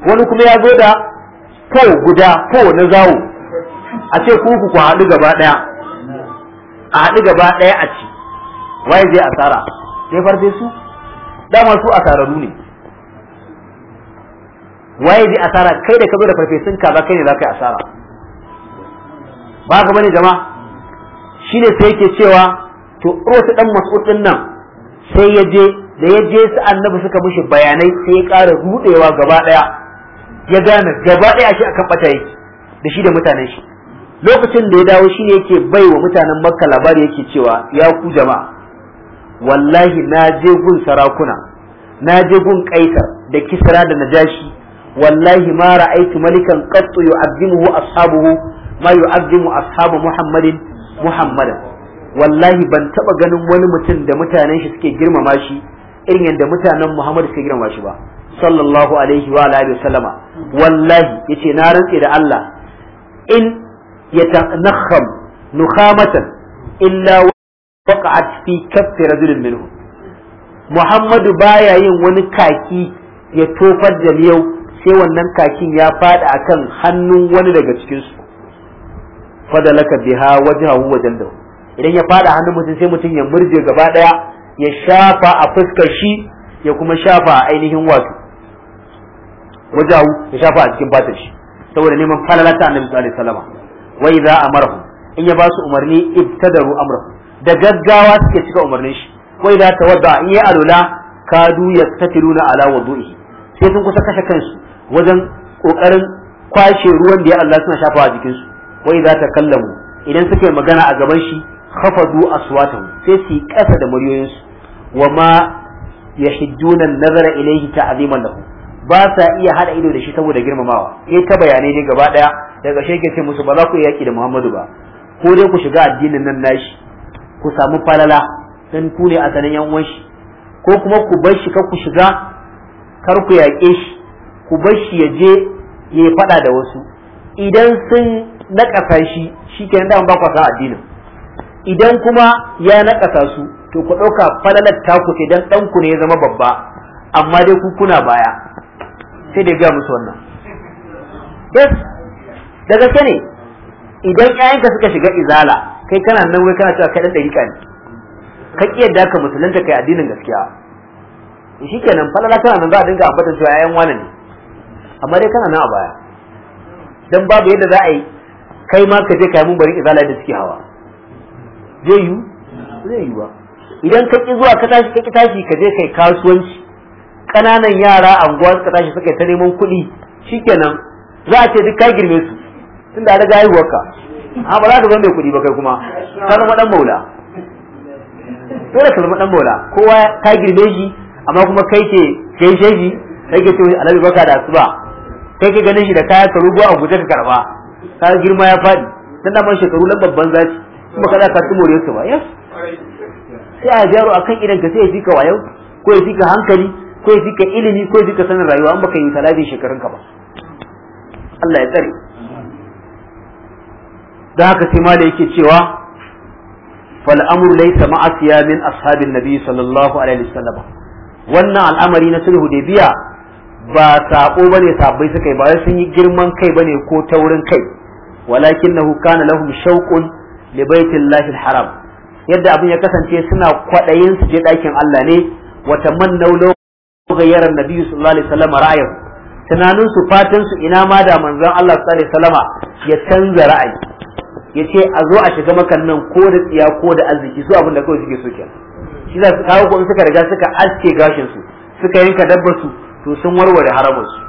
wani kuma ya zo da ko guda ko na zawo a ce ku ku haɗu gaba ɗaya a haɗu gaba ɗaya a ci waye zai asara sai farfe su dama su asararru ne waye zai asara kai da ka zo da farfesun kaza kai ne za ka yi asara ba ka bane jama'a shine sai yake cewa to Urwatu dan Mas'ud nan sai ya je da ya je su Annabi suka mishi bayanai sai ya ƙara rudewa gaba daya ya gane gaba ɗaya shi akan bata yake da shi da mutanen shi lokacin da ya dawo shi ne yake bai wa mutanen makka labari yake cewa ya ku jama'a wallahi na je gun sarakuna na je gun kaisar da kisra da najashi wallahi ma ra'aitu malikan qattu yu'azzimuhu ashabuhu ma yu'azzimu ashabu muhammadin muhammadan wallahi ban taba ganin wani mutum da mutanen shi suke girmama shi irin yadda mutanen muhammad suke girmama shi ba sallallahu alaihi wa alihi wa wallahi yace na rantse da Allah in ya yatanakham nukhamatan illa waqa'at fi kaffi rajulin minhu Muhammadu baya yin wani kaki ya tofar da yau, sai wannan kakin ya fada akan hannun wani daga cikin su fadalaka biha wajhahu wa jaldahu idan ya fada hannun mutum sai mutum ya murje gaba daya ya shafa a fuskar shi ya kuma shafa a ainihin wato wajahu ya shafa a cikin fatar shi saboda neman falalata annabi sallallahu alaihi wasallam wa idza amarahu in ya ba su umarni ibtadaru amrahu da gaggawa suke cika umarnin shi wa idza tawadda in ya alula kadu yaktatiluna ala wudu'ihi sai sun kusa kashe kansu wajen kokarin kwashe ruwan da ya Allah suna shafa a jikinsu wa idza takallamu idan suke magana a gaban shi khafadu aswatahu sai su kasa da muryoyinsu wa ma yahidduna an-nazara ilayhi ta'ziman lahu ba sa iya hada ido da shi saboda girmamawa eh ta bayanai dai gaba daya daga ƙarshe yake ce musu ba za ku yaki da Muhammadu ba ko dai ku shiga addinin nan nashi ku samu falala dan ku ne a sanin yan uwan shi ko kuma ku bar shi ku shiga kar ku yaƙe shi ku bar shi ya je ya faɗa da wasu idan sun naƙasa shi shikenan da ba ku sa addinin idan kuma ya naƙasa su to ku ɗauka falalar taku ke dan ɗanku ne ya zama babba amma dai ku kuna baya sai da ya musu wannan yes da gaske ne idan ƴaƴanka suka shiga izala kai kana nan wai kana cewa kai dan ne ka ƙi yadda ka musulunta kai addinin gaskiya kenan falala tana nan za a dinga ambata cewa ƴaƴan wani ne amma dai kana nan a baya dan babu yadda za a yi kai ma ka je ka yi mun bari izala da suke hawa zai yiwu zai yiwu ba idan ka ƙi zuwa ka tashi ka ƙi tashi ka je kai kasuwanci Kananan yara a unguwa ka tashi suka yi ta neman kuɗi shikenan za a ce duk ka girme su tun da riga haihuwarka a ba za ka zama mai kuɗi ba kai kuma ka zama ɗan maula dole ka zama ɗan maula kowa ka girme shi amma kuma kai ke kai shi kai ke ce alabi baka da asuba kai ke ganin shi da kaya ka rugo a guje ka karba ka girma ya faɗi dan da man shekaru nan babban zaci kuma ka za ka ci more su ba yau sai a yaro akan idan ka sai ya fika wayo ko ya fika hankali ko ya ilimi ko ya sanin rayuwa an baka yi shekarun ka ba Allah ya tsare da haka sai ma da yake cewa فالامر ليس معصيا من اصحاب النبي صلى الله wannan al'amari na sulhu da biya ba sako bane sabbai suka yi ba sun yi girman kai bane ko taurin kai walakinahu kana lahum shauqun li baitillahi alharam yadda abin ya kasance suna kwadayin su je dakin Allah ne wa tamannaw gayyara nabi sallallahu alaihi wasallam ra'ayin tunanin su fatan su ina ma da manzon Allah sallallahu alaihi wasallam ya canza ra'ayi yace a zo a shiga makan nan ko da tsiya ko da arziki su abin da kawai suke so kenan shi za su kawo ko suka riga suka aske gashin su suka yanka dabbar su to sun warware haramun su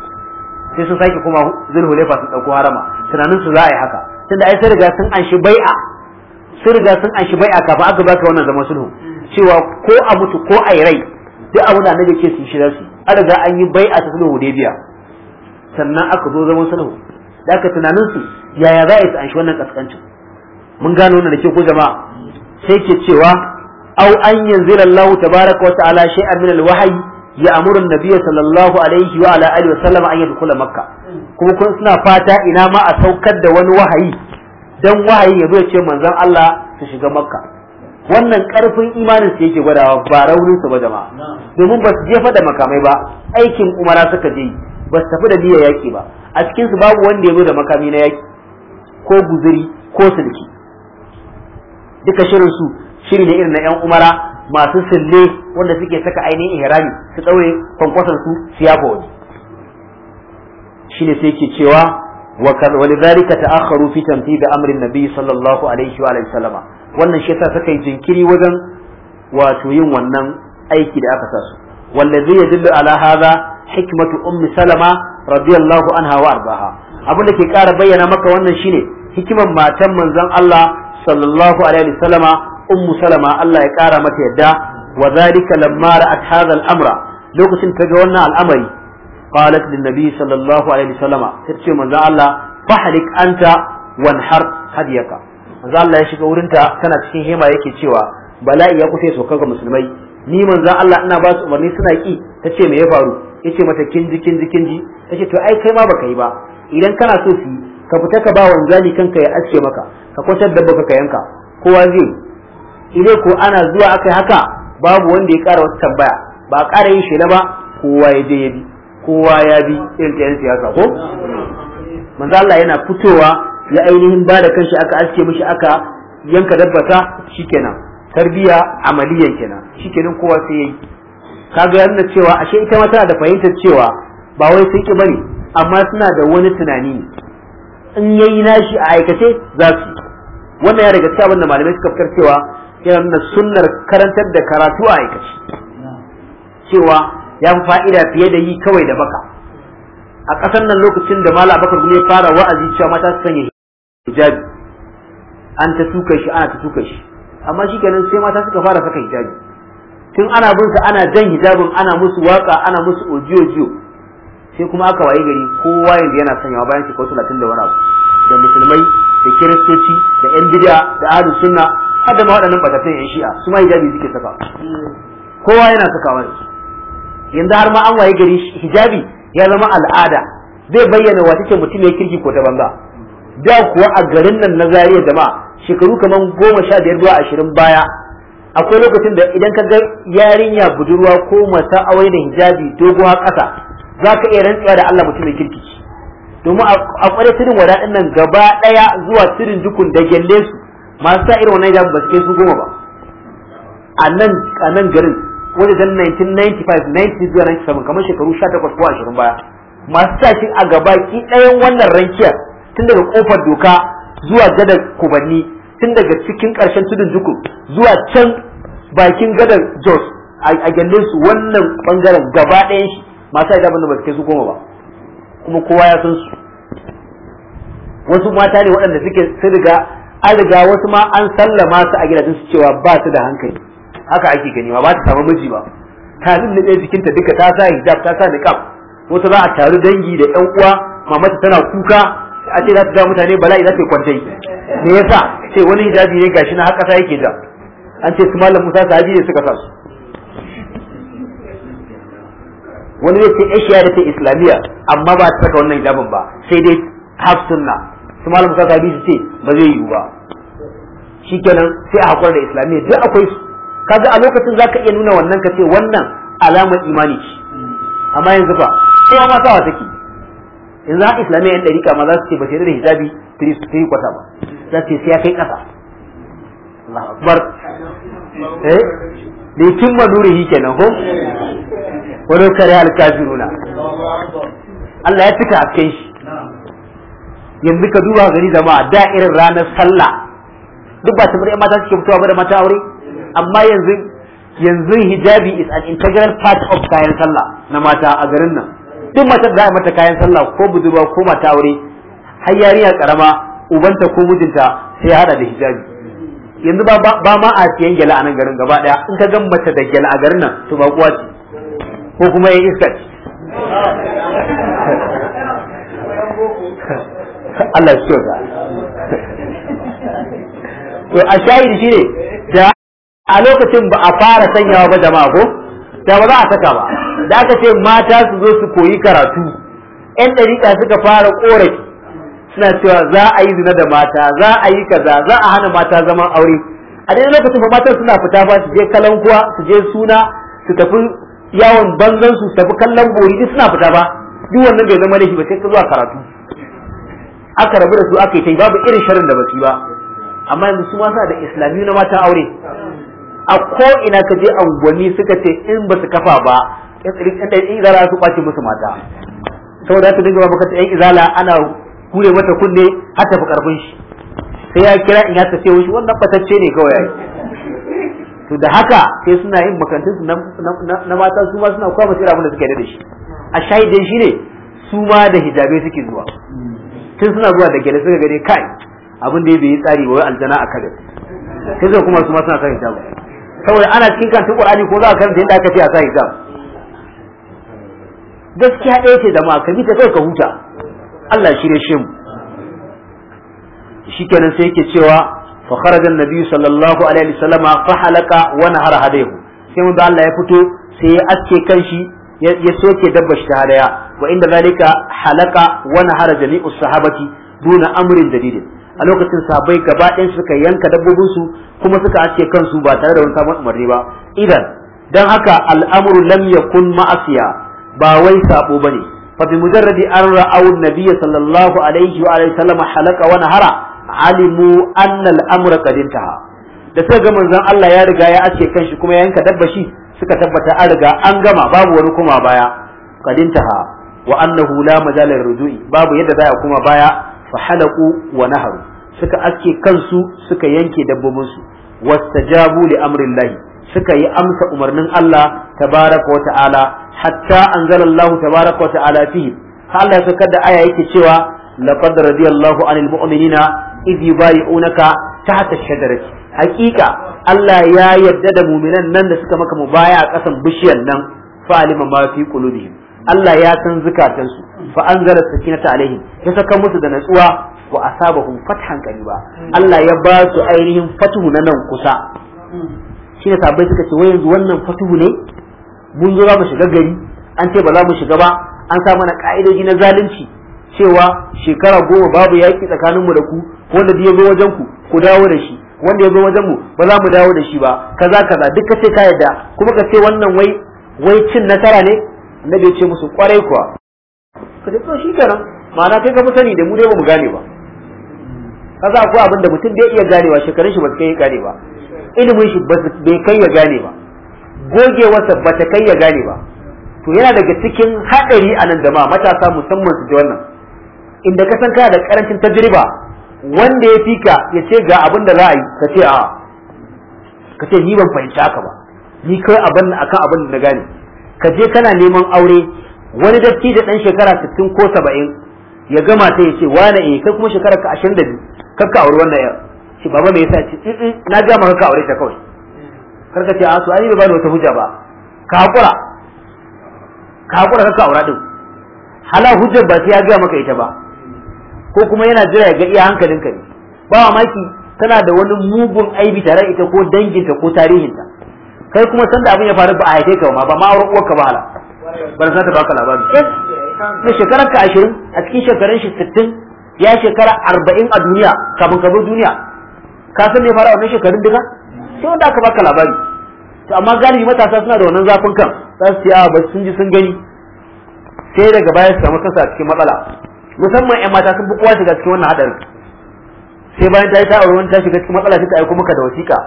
sai sun sake kuma zulhulefa sun dauko harama tunanin su za a yi haka tunda ai sai riga sun anshi bai'a sun riga sun anshi bai'a kafin aka baka wannan zaman sulhu cewa ko a mutu ko a yi rai duk abin da annabi ke su shi su an riga an yi bai'a ta sulhu hudaybiya sannan aka zo zaman sulhu da aka tunanin su yaya za a yi an shi wannan kaskancin mun gano wannan da ke ko jama'a sai ke cewa au an yanzu Allah tabaraka wa ta'ala shay'an min al-wahyi amuru an-nabiy sallallahu alaihi wa ala wa sallama an yadkhula makka kuma kun suna fata ina ma a saukar da wani wahayi dan wahayi ya zo ce manzon Allah su shiga makka wannan karfin imanin su yake gwadawa ba raunin su ba jama'a domin ba su jefa da makamai ba aikin umara suka je ba su tafi da niyyar yaƙi ba a cikin su babu wanda ya zo da makami na yaƙi ko guzuri ko sulki duka shirin su shiri ne irin na yan umara masu sille wanda suke saka ainihin ihrami su tsaure kwankwasan su su yafa waje shine sai ke cewa ولذلك تأخروا في تنفيذ أمر النبي صلى الله عليه وآله وسلم wannan shi yasa suka yi jinkiri wajen wato yin wannan aiki da aka sa su ya yadullu ala hadha hikmatu ummi salama radiyallahu anha wa ardaha abin da ke ƙara bayyana maka wannan shine hikiman matan manzon Allah sallallahu alaihi wasallama ummu salama Allah ya kara mata yadda wa zalika lamma ra'at hadha al-amra lokacin ta ga wannan al'amari qalat lin nabi sallallahu alaihi wasallama tace manzon Allah fahlik anta wanhar hadiyaka manzon Allah ya shiga wurinta tana cikin hema yake cewa bala'i ya kufe so kaga musulmai ni manzan Allah ina ba su umarni suna ki tace me ya faru yace mata kin ji kin ji kin ji tace to ai kai ma baka yi ba idan kana so su ka fita ka ba wanzali kanka ya aske maka ka kwatar da baka ka yanka kowa zai idan ko ana zuwa akai haka babu wanda ya kara wata tambaya ba a kara yin shela ba kowa ya je ya bi kowa ya bi irin ta yan siyasa ko manzo Allah yana fitowa ya ainihin ba da kanshi aka aske mishi aka yanka dabbata shikenan tarbiya amaliyan kenan shikenan kowa sai yayi kaga yana cewa ashe ita ma tana da fahimtar cewa ba wai sun ki bane amma suna da wani tunani in yayi nashi a aikace za su wannan ya daga cikin abin da malamai suka fitar cewa yana nuna sunnar karantar da karatu a aikace cewa ya fi fa'ida fiye da yi kawai da baka a ƙasar nan lokacin da mala bakar gune fara wa'azi cewa mata su sanya hijabi an ta tuka shi ana ta tuka shi amma shi kenan sai mata suka fara saka hijabi tun ana bin su ana jan hijabin ana musu waka ana musu ojiyo sai kuma aka waye gari kowa yanda yana sanyawa bayan shekaru talatin da wani abu da musulmai da kiristoci da yan bid'a da ahlu sunna har da ma waɗannan batatun yan shi'a su ma hijabi suke saka kowa yana sakawa yanzu har ma an waye gari hijabi ya zama al'ada zai bayyana wata ce mutum ya kirki ko ta banza da kuwa a garin nan na zariya jama'a shekaru kamar goma sha biyar zuwa ashirin baya akwai lokacin da idan ka ga yarinya budurwa ko mata aure da hijabi doguwa ƙasa za ka iya rantsuwa da Allah mutumin kirki domin a kware tirin wada nan gaba ɗaya zuwa tirin dukun da gyalle su masu sa irin wannan hijabi ba su kai su goma ba a nan garin wanda dan 1995 90 zuwa 97 kamar shekaru 18 ko 20 baya masu sa shi a gaba ki ɗayan wannan rankiyar tun daga kofar doka zuwa gadar kubanni tun daga cikin ƙarshen tudun duku zuwa can bakin gadar jos a gyallin su wannan bangaren gaba ɗayan shi masu aida banda ba su su goma ba kuma kowa ya san su wasu mata ne waɗanda suke sun riga an riga wasu ma an sallama su a gidajen su cewa ba su da hankali haka ake gani ba ta samu miji ba na ɗaya jikinta duka ta sa hijab ta sa niqab wata za a taru dangi da ƴan uwa mamata tana kuka a ce za su ga mutane bala'i za su yi kwantai me yasa ce wani hijabi ne gashi na haka sa yake da an ce su malam Musa sahabi ne suka sa su wani zai ce ashiya da ta islamiyya amma ba ta saka wannan hijabin ba sai dai haf sunna su malam Musa sahabi su ce ba zai yiwu ba shikenan sai a hakura da islamiyya duk akwai su kaga a lokacin zaka iya nuna wannan ka ce wannan alamar imani ce amma yanzu ba kowa ma sawa take yanzu haka islamiyya yan ɗarika ma za su ce ba da hijabi tiri kwata ba za su ce sai ya kai ƙasa Allahu akbar eh da yakin ma nurihi kenan ko wani kare alkafiruna Allah ya cika a hasken shi yanzu ka duba gani zama da irin ranar sallah duk ba tamar mata suke fitowa ba da mata aure amma yanzu yanzu hijabi is an integral part of kayan sallah na mata a garin nan duk matar da mata kayan sallah ko budurwa ko mata aure har yarinya karama ubanta ko mijinta sai ya hada da hijabi yanzu ba ba ma a siyan gyala a nan garin gaba daya in ka gan mace da gyala a garin nan to ba kuwa ce ko kuma ya iska ce Allah shi kyauta to a shahidi shine da a lokacin ba a fara sanyawa ba jama'a ko da ba za a saka ba da aka ce mata su zo su koyi karatu yan ɗariƙa suka fara ƙorafi suna cewa za a yi zina da mata za a yi kaza za a hana mata zaman aure a daidai lokacin ba matan suna fita fa su je kalan kuwa su je suna su tafi yawon banzan su tafi kallon bori duk suna fita ba duk wannan bai zama laifi ba sai ka zuwa karatu aka rabu da su aka yi ta babu irin sharin da basu ba amma yanzu su ma sa da islamiyu na mata aure a ko ina ka je unguwanni suka ce in ba su kafa ba ɗan izala su kwace musu mata saboda ta dinga maka ta ɗan izala ana kure mata kunne har tafi karfin shi sai ya kira in ya tafi wushi wannan batacce ne kawai yayi to da haka sai suna yin makantun na mata su ma suna kwama sai abin da suke da shi a shahidin shi ne su ma da hijabai suke zuwa tun suna zuwa da gele suka gane kai abin da ya bai tsari wai aljana a kada sai zai kuma su ma suna sa hijabu saboda ana cikin kan Qur'ani ko za a karanta yadda aka ce a sa hijabu gaskiya ɗaya ce da ma ka bi ta kai ka huta Allah shirye shi mu shikenan sai yake cewa fa kharaja annabi sallallahu alaihi wasallama fa halaka wa nahara hadayhu sai mun Allah ya fito sai ya aske kanshi ya soke dabba shi ta hadaya wa inda zalika halaka wa nahara jami'u sahabati duna amrin dalilin. a lokacin sahabbai gaba ɗayan suka yanka dabbobinsu kuma suka aske kansu ba tare da wani sabon umarni ba idan dan haka al'amuru lam yakun ma'asiya ba wai sabo bane fa bi mujarradi an ra'aw an-nabiy sallallahu alaihi wa alihi sallam halaka wa nahara alimu anna al-amra qad intaha da sai ga manzon Allah ya riga ya ace kanshi kuma ya yanka dabba shi suka tabbata an riga an gama babu wani kuma baya qad intaha wa annahu la majala rujui babu yadda za a kuma baya fa halaqu wa naharu suka aske kansu suka yanke dabbobinsu wastajabu li amrillahi suka yi amsa umarnin Allah tabaraka wa ta'ala hatta anzalallahu tabaraka wa ta'ala fihi Allah ya saukar da aya yake cewa laqad radiyallahu anil mu'minina idh yubayi'unaka tahta ash-shajarati haqiqa Allah ya yarda da mu'minan nan da suka maka mubaya a kasan bishiyar nan fa alima ma fi qulubihim Allah ya san zukatansu fa anzala sakinata alaihim ya saka musu da natsuwa wa asabahum fathan qariba Allah ya ba su ainihin fatuhu na nan kusa shine sabai suka ce wai yanzu wannan fatuhu ne mun zo za mu shiga gari an ce ba za mu shiga ba an sa mana ka'idoji na zalunci cewa shekara goma babu yaƙi tsakaninmu da ku wanda ya zo wajen ku ku dawo da shi wanda ya zo wajen mu ba za mu dawo da shi ba kaza kaza duk ka ce ka yadda kuma ka ce wannan wai wai cin nasara ne annabi ya ce musu kwarai kuwa ka ce to shi kenan ma'ana kai ka fi sani da mu dai ba mu gane ba kaza akwai abin da mutum bai iya ganewa shekarun shi ba su kai gane ba ilimin shi bai kai ya gane ba gogewarsa ba ta kai ya gane ba to yana daga cikin haɗari a nan jama'a matasa musamman su ji wannan inda ka san kana da karancin tajriba wanda ya fika ya ce ga abin da za a yi ka ce a ka ce ni ban fahimci haka ba ni kai abin akan abin da na gane ka je kana neman aure wani dafti da dan shekara 60 ko 70 ya gama ta ya ce wane eh kai kuma shekara ka 22 kakka aure wannan yar ce baba me yasa ce eh, eh, na ga maka ka aure ta kawai karka ce a ah, su ai ba wata hujja ba ka hakura ka hakura ka aura din hala hujjar ba sai ya ga maka ita ba ko kuma yana jira ya ga iya ka ne ba maki tana da wani mugun aibi tare ita ko danginta ko tarihinta kai kuma sanda abin ya faru ba a haife ka ma ba ma auren uwarka ba hala bar za ta baka labari ne shekarar ka 20 a cikin shekarun shi 60 ya shekara 40 a duniya kafin ka duniya ka san ne fara wannan shekarun duka sai wanda aka baka labari to amma galibi matasa suna da wannan zafin kan za su ya ah, ba sun ji sun gani sai daga baya su samu kansa cikin matsala musamman yan mata sun fi kowa shiga cikin wannan hadarin sai bayan ta yi ta aure ta shiga cikin matsala sai ta aiko maka da wasiƙa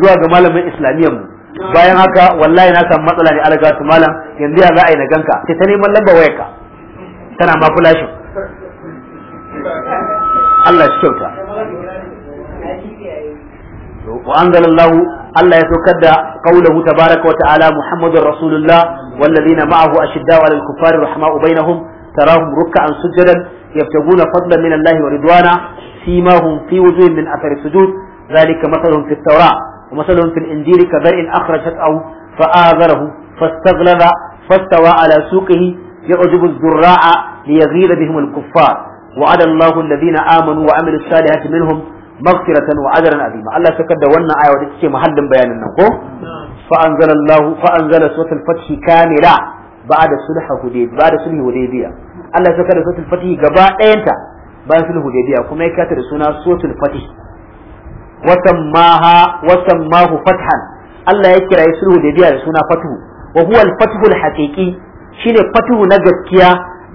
zuwa ga malamin islamiyyar mu bayan haka wallahi na samu matsala ne alaga su malam yanzu ya za a yi na ganka Ta ta neman lamba wayarka tana ma shi Allah shi kyauta وأنزل الله ألا يتوكد قوله تبارك وتعالى محمد رسول الله والذين معه أشداء على الكفار رحماء بينهم تراهم ركعا سجدا يبتغون فضلا من الله ورضوانا فيما هم في وجوه من أثر السجود ذلك مثلهم في التوراة ومثلهم في الإنجيل إن أخرجت أو فآذره فاستغلظ فاستوى على سوقه يعجب الزراع ليغيظ بهم الكفار وعد الله الذين آمنوا وعملوا الصالحات منهم maghfiratan wa ajran azima Allah ya sakar da wannan aya wadda take mahallin bayanin nan ko fa anzalallahu fa anzala suratul fath kamila ba'da sulh hudaybiya ba'da Allah ya sakar da suratul fath gaba ɗayanta bayan sulh hudaybiya kuma ya kata da suna suratul fath wa sammaha wa sammahu Allah ya kira sulh hudaybiya da suna fathu wa huwa al shine fathu na gaskiya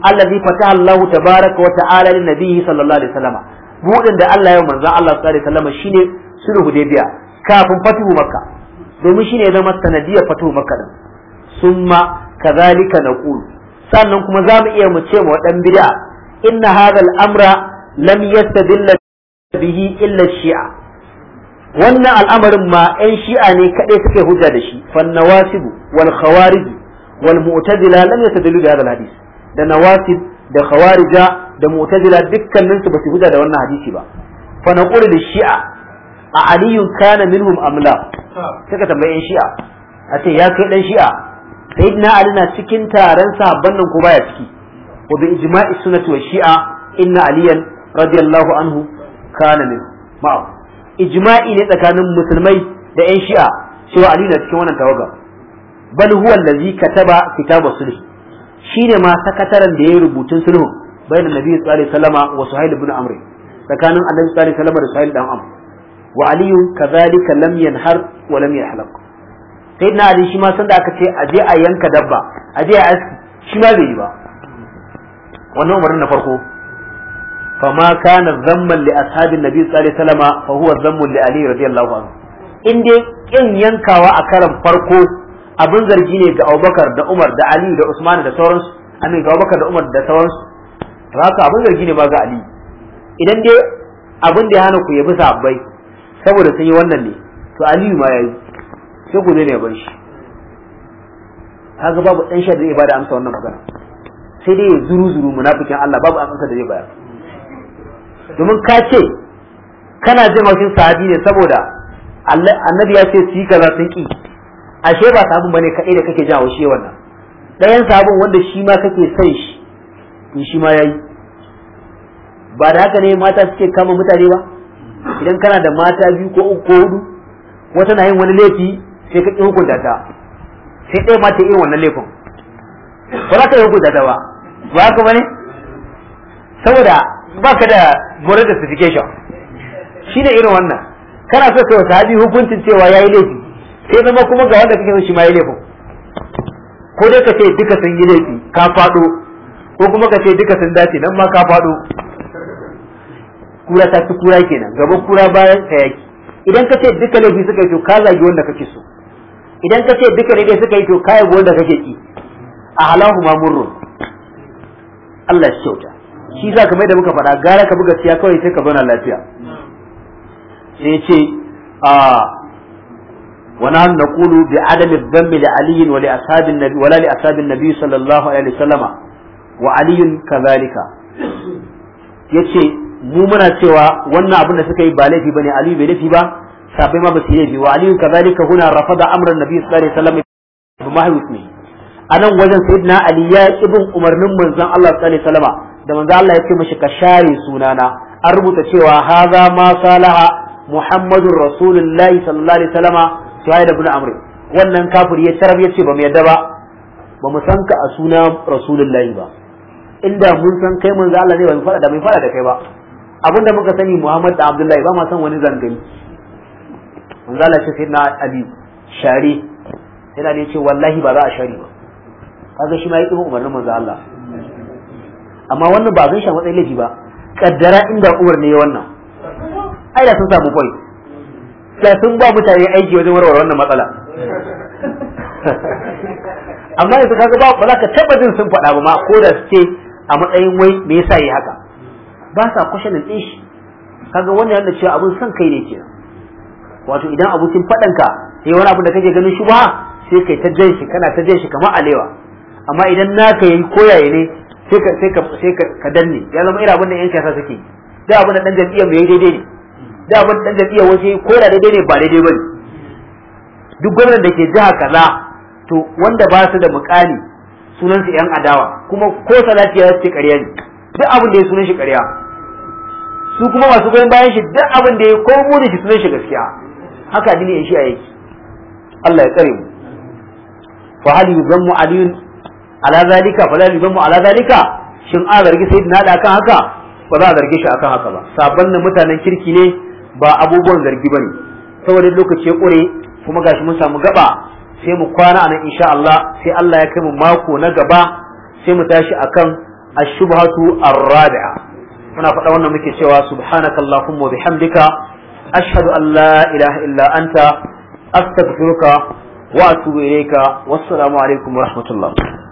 allazi fataha Allah tabaaraka wa ta'ala lin sallallahu alaihi buɗin da Allah ya manzan Allah sallallahu alaihi wasallam shine sulhu hudaybiya kafin fatuhu makka domin shine ya zama sanadiyar fatuhu makka din summa kadhalika naqul sannan kuma zamu iya mu ce wa dan bid'a inna hadha al-amra lam yastadilla bihi illa shia wannan al'amarin ma 'yan shi'a ne kaɗai suke hujja da shi fan nawasibu wal khawarij wal mu'tazila lam yastadillu bi hadha al-hadith da nawasib da khawarija da mu'tazila dukkanin su basu huda da wannan hadisi ba fa naqulu shi'a a aliyun kana minhum amla suka tambaye shi'a a ce ya kai dan shi'a sayyidina ali na cikin taron sahabban nan ko baya ciki wa bi ijma'i sunnati wa shi'a inna aliyan radiyallahu anhu kana min ma'a ijma'i ne tsakanin musulmai da yan shi'a cewa ali na cikin wannan tawaga bal huwa allazi kataba kitaba sulh shine ma sakataren da ya rubutun sulhu bayan annabi sallallahu alaihi wasallam wa suhail ibn amr tsakanin annabi sallallahu alaihi wasallam da suhail dan amr wa ali kadhalika lam yanhar wa shi ma sanda aka ce aje a yanka dabba aje a aski shi ma bai yi ba wannan umarnin na farko فما كان ذما لاصحاب النبي صلى الله عليه وسلم فهو ذم لعلي رضي الله عنه in dai kin yankawa a karan farko abin zargi ne ga Abubakar da Umar da Ali da Usman da sauransu amin ga Abubakar da Umar da sauransu ka abin zargi ne ba ga Ali idan dai abin da ya hana ku yabi sahabbai saboda sun yi wannan ne to Ali ma yayi sai ku ne ban shi kaga babu dan da zai bada amsa wannan magana sai dai zuru zuru munafikin Allah babu amsa da zai bayar domin ka ce kana jin haushin sahabi ne saboda annabi ya ce su yi kaza sun ki ashe ba ba bane kaɗai da kake jawo shi wannan ɗayan sabon wanda shi ma kake son shi in shi ma yi ba da haka ne mata suke kama mutane ba idan kana da mata biyu ko uku ko hudu wata na yin wani laifi sai ka ƙi hukunta ta sai ɗaya ma ta irin wannan laifin ba za ka yi hukunta ta ba ba haka ba ne saboda ba ka da moral justification ne irin wannan kana so ka kai sahabi hukuncin cewa ya yi laifi sai zama kuma ga wanda kake so shi ma yi laifin ko dai ka ce duka sun yi laifi ka faɗo ko kuma ka ce duka sun dace nan ma ka faɗo kura ta ci kura kenan gaba kura bayan ka yaki idan ka ce duka laifi suka yi to ka zagi wanda kake so idan ka ce duka daidai suka yi to ka yi wanda kake ki a halahu ma murrun Allah shi kyauta shi za ka mai da muka faɗa gara ka buga siya kawai sai ka zauna lafiya sai ce a wana naqulu bi adami dhanbi li ali wa li ashabin nabi wala li ashabin nabi sallallahu alaihi wasallama wa aliyun kazalika yace mu muna cewa wannan abin da suka yi ba laifi bane aliyu bai laifi ba sabai ma ba su laifi wa aliyun kazalika huna rafada amran nabi sallallahu alaihi wasallam bi mahwismi anan wajen sayyidina ali ya ibn umarnin manzon Allah sallallahu alaihi wasallam da manzon Allah ya ce mishi ka share sunana an rubuta cewa haza ma salaha muhammadur rasulullahi sallallahu alaihi wasallam suhail ibn amri wannan kafir ya tarar ya ce ba mu yadda ba ba mu san ka a sunan rasulullahi ba inda mun san kai manzo Allah ne bai fara da bai fara da kai ba abinda muka sani Muhammad da Abdullahi ba ma san wani zangani manzo Allah ce sayyidina Ali share sai da ce wallahi ba za a share ba kaga shi ma yake umarnin manzo Allah amma wannan ba zan sha matsayin laifi ba kaddara inda umar ne wannan ai da sun samu koi da sun ba mutane aiki wajen warware wannan matsala amma yanzu kaga ba ba za ka taba jin sun faɗa ba ma ko da suke a matsayin wai me yasa yayi haka ba sa kwashanin din shi kaga wannan yana cewa abun son kai ne ke wato idan abokin fadan ka sai wani abu da kake ganin shi ba sai kai ta jan shi kana ta jan shi kamar alewa amma idan naka yayi koyaye ne sai ka sai ka sai ka danne ya zama irin abin da yan kasa suke da abin da dan jam'iyyar mai daidai ne da abin da dan jam'iyyar wasu ko da daidai ne ba daidai bane duk gwamnati da ke jiha kaza to wanda ba su da mukami sunan su yan adawa kuma ko salati ya ce ƙarya ne duk abin da ya sunan shi ƙarya su kuma masu goyon bayan shi duk abin da ya ko mu shi sunan shi gaskiya haka dini ya shi a yake Allah ya tsare mu fa hal yuzammu aliyun ala zalika fa la yuzammu ala zalika shin a zargi sayyidina da kan haka ba za a zargi shi akan haka ba sabon nan mutanen kirki ne ba abubuwan zargi bane saboda lokaci ya kure kuma gashi mun samu gaba sai mu kwana anan insha Allah sai Allah ya kai mu mako na gaba sai mu tashi akan ashubhatu arrabi'a muna faɗa wannan muke cewa subhanakallahumma wa bihamdika ashhadu an la ilaha illa anta astaghfiruka wa atubu ilayka wassalamu alaikum wa rahmatullah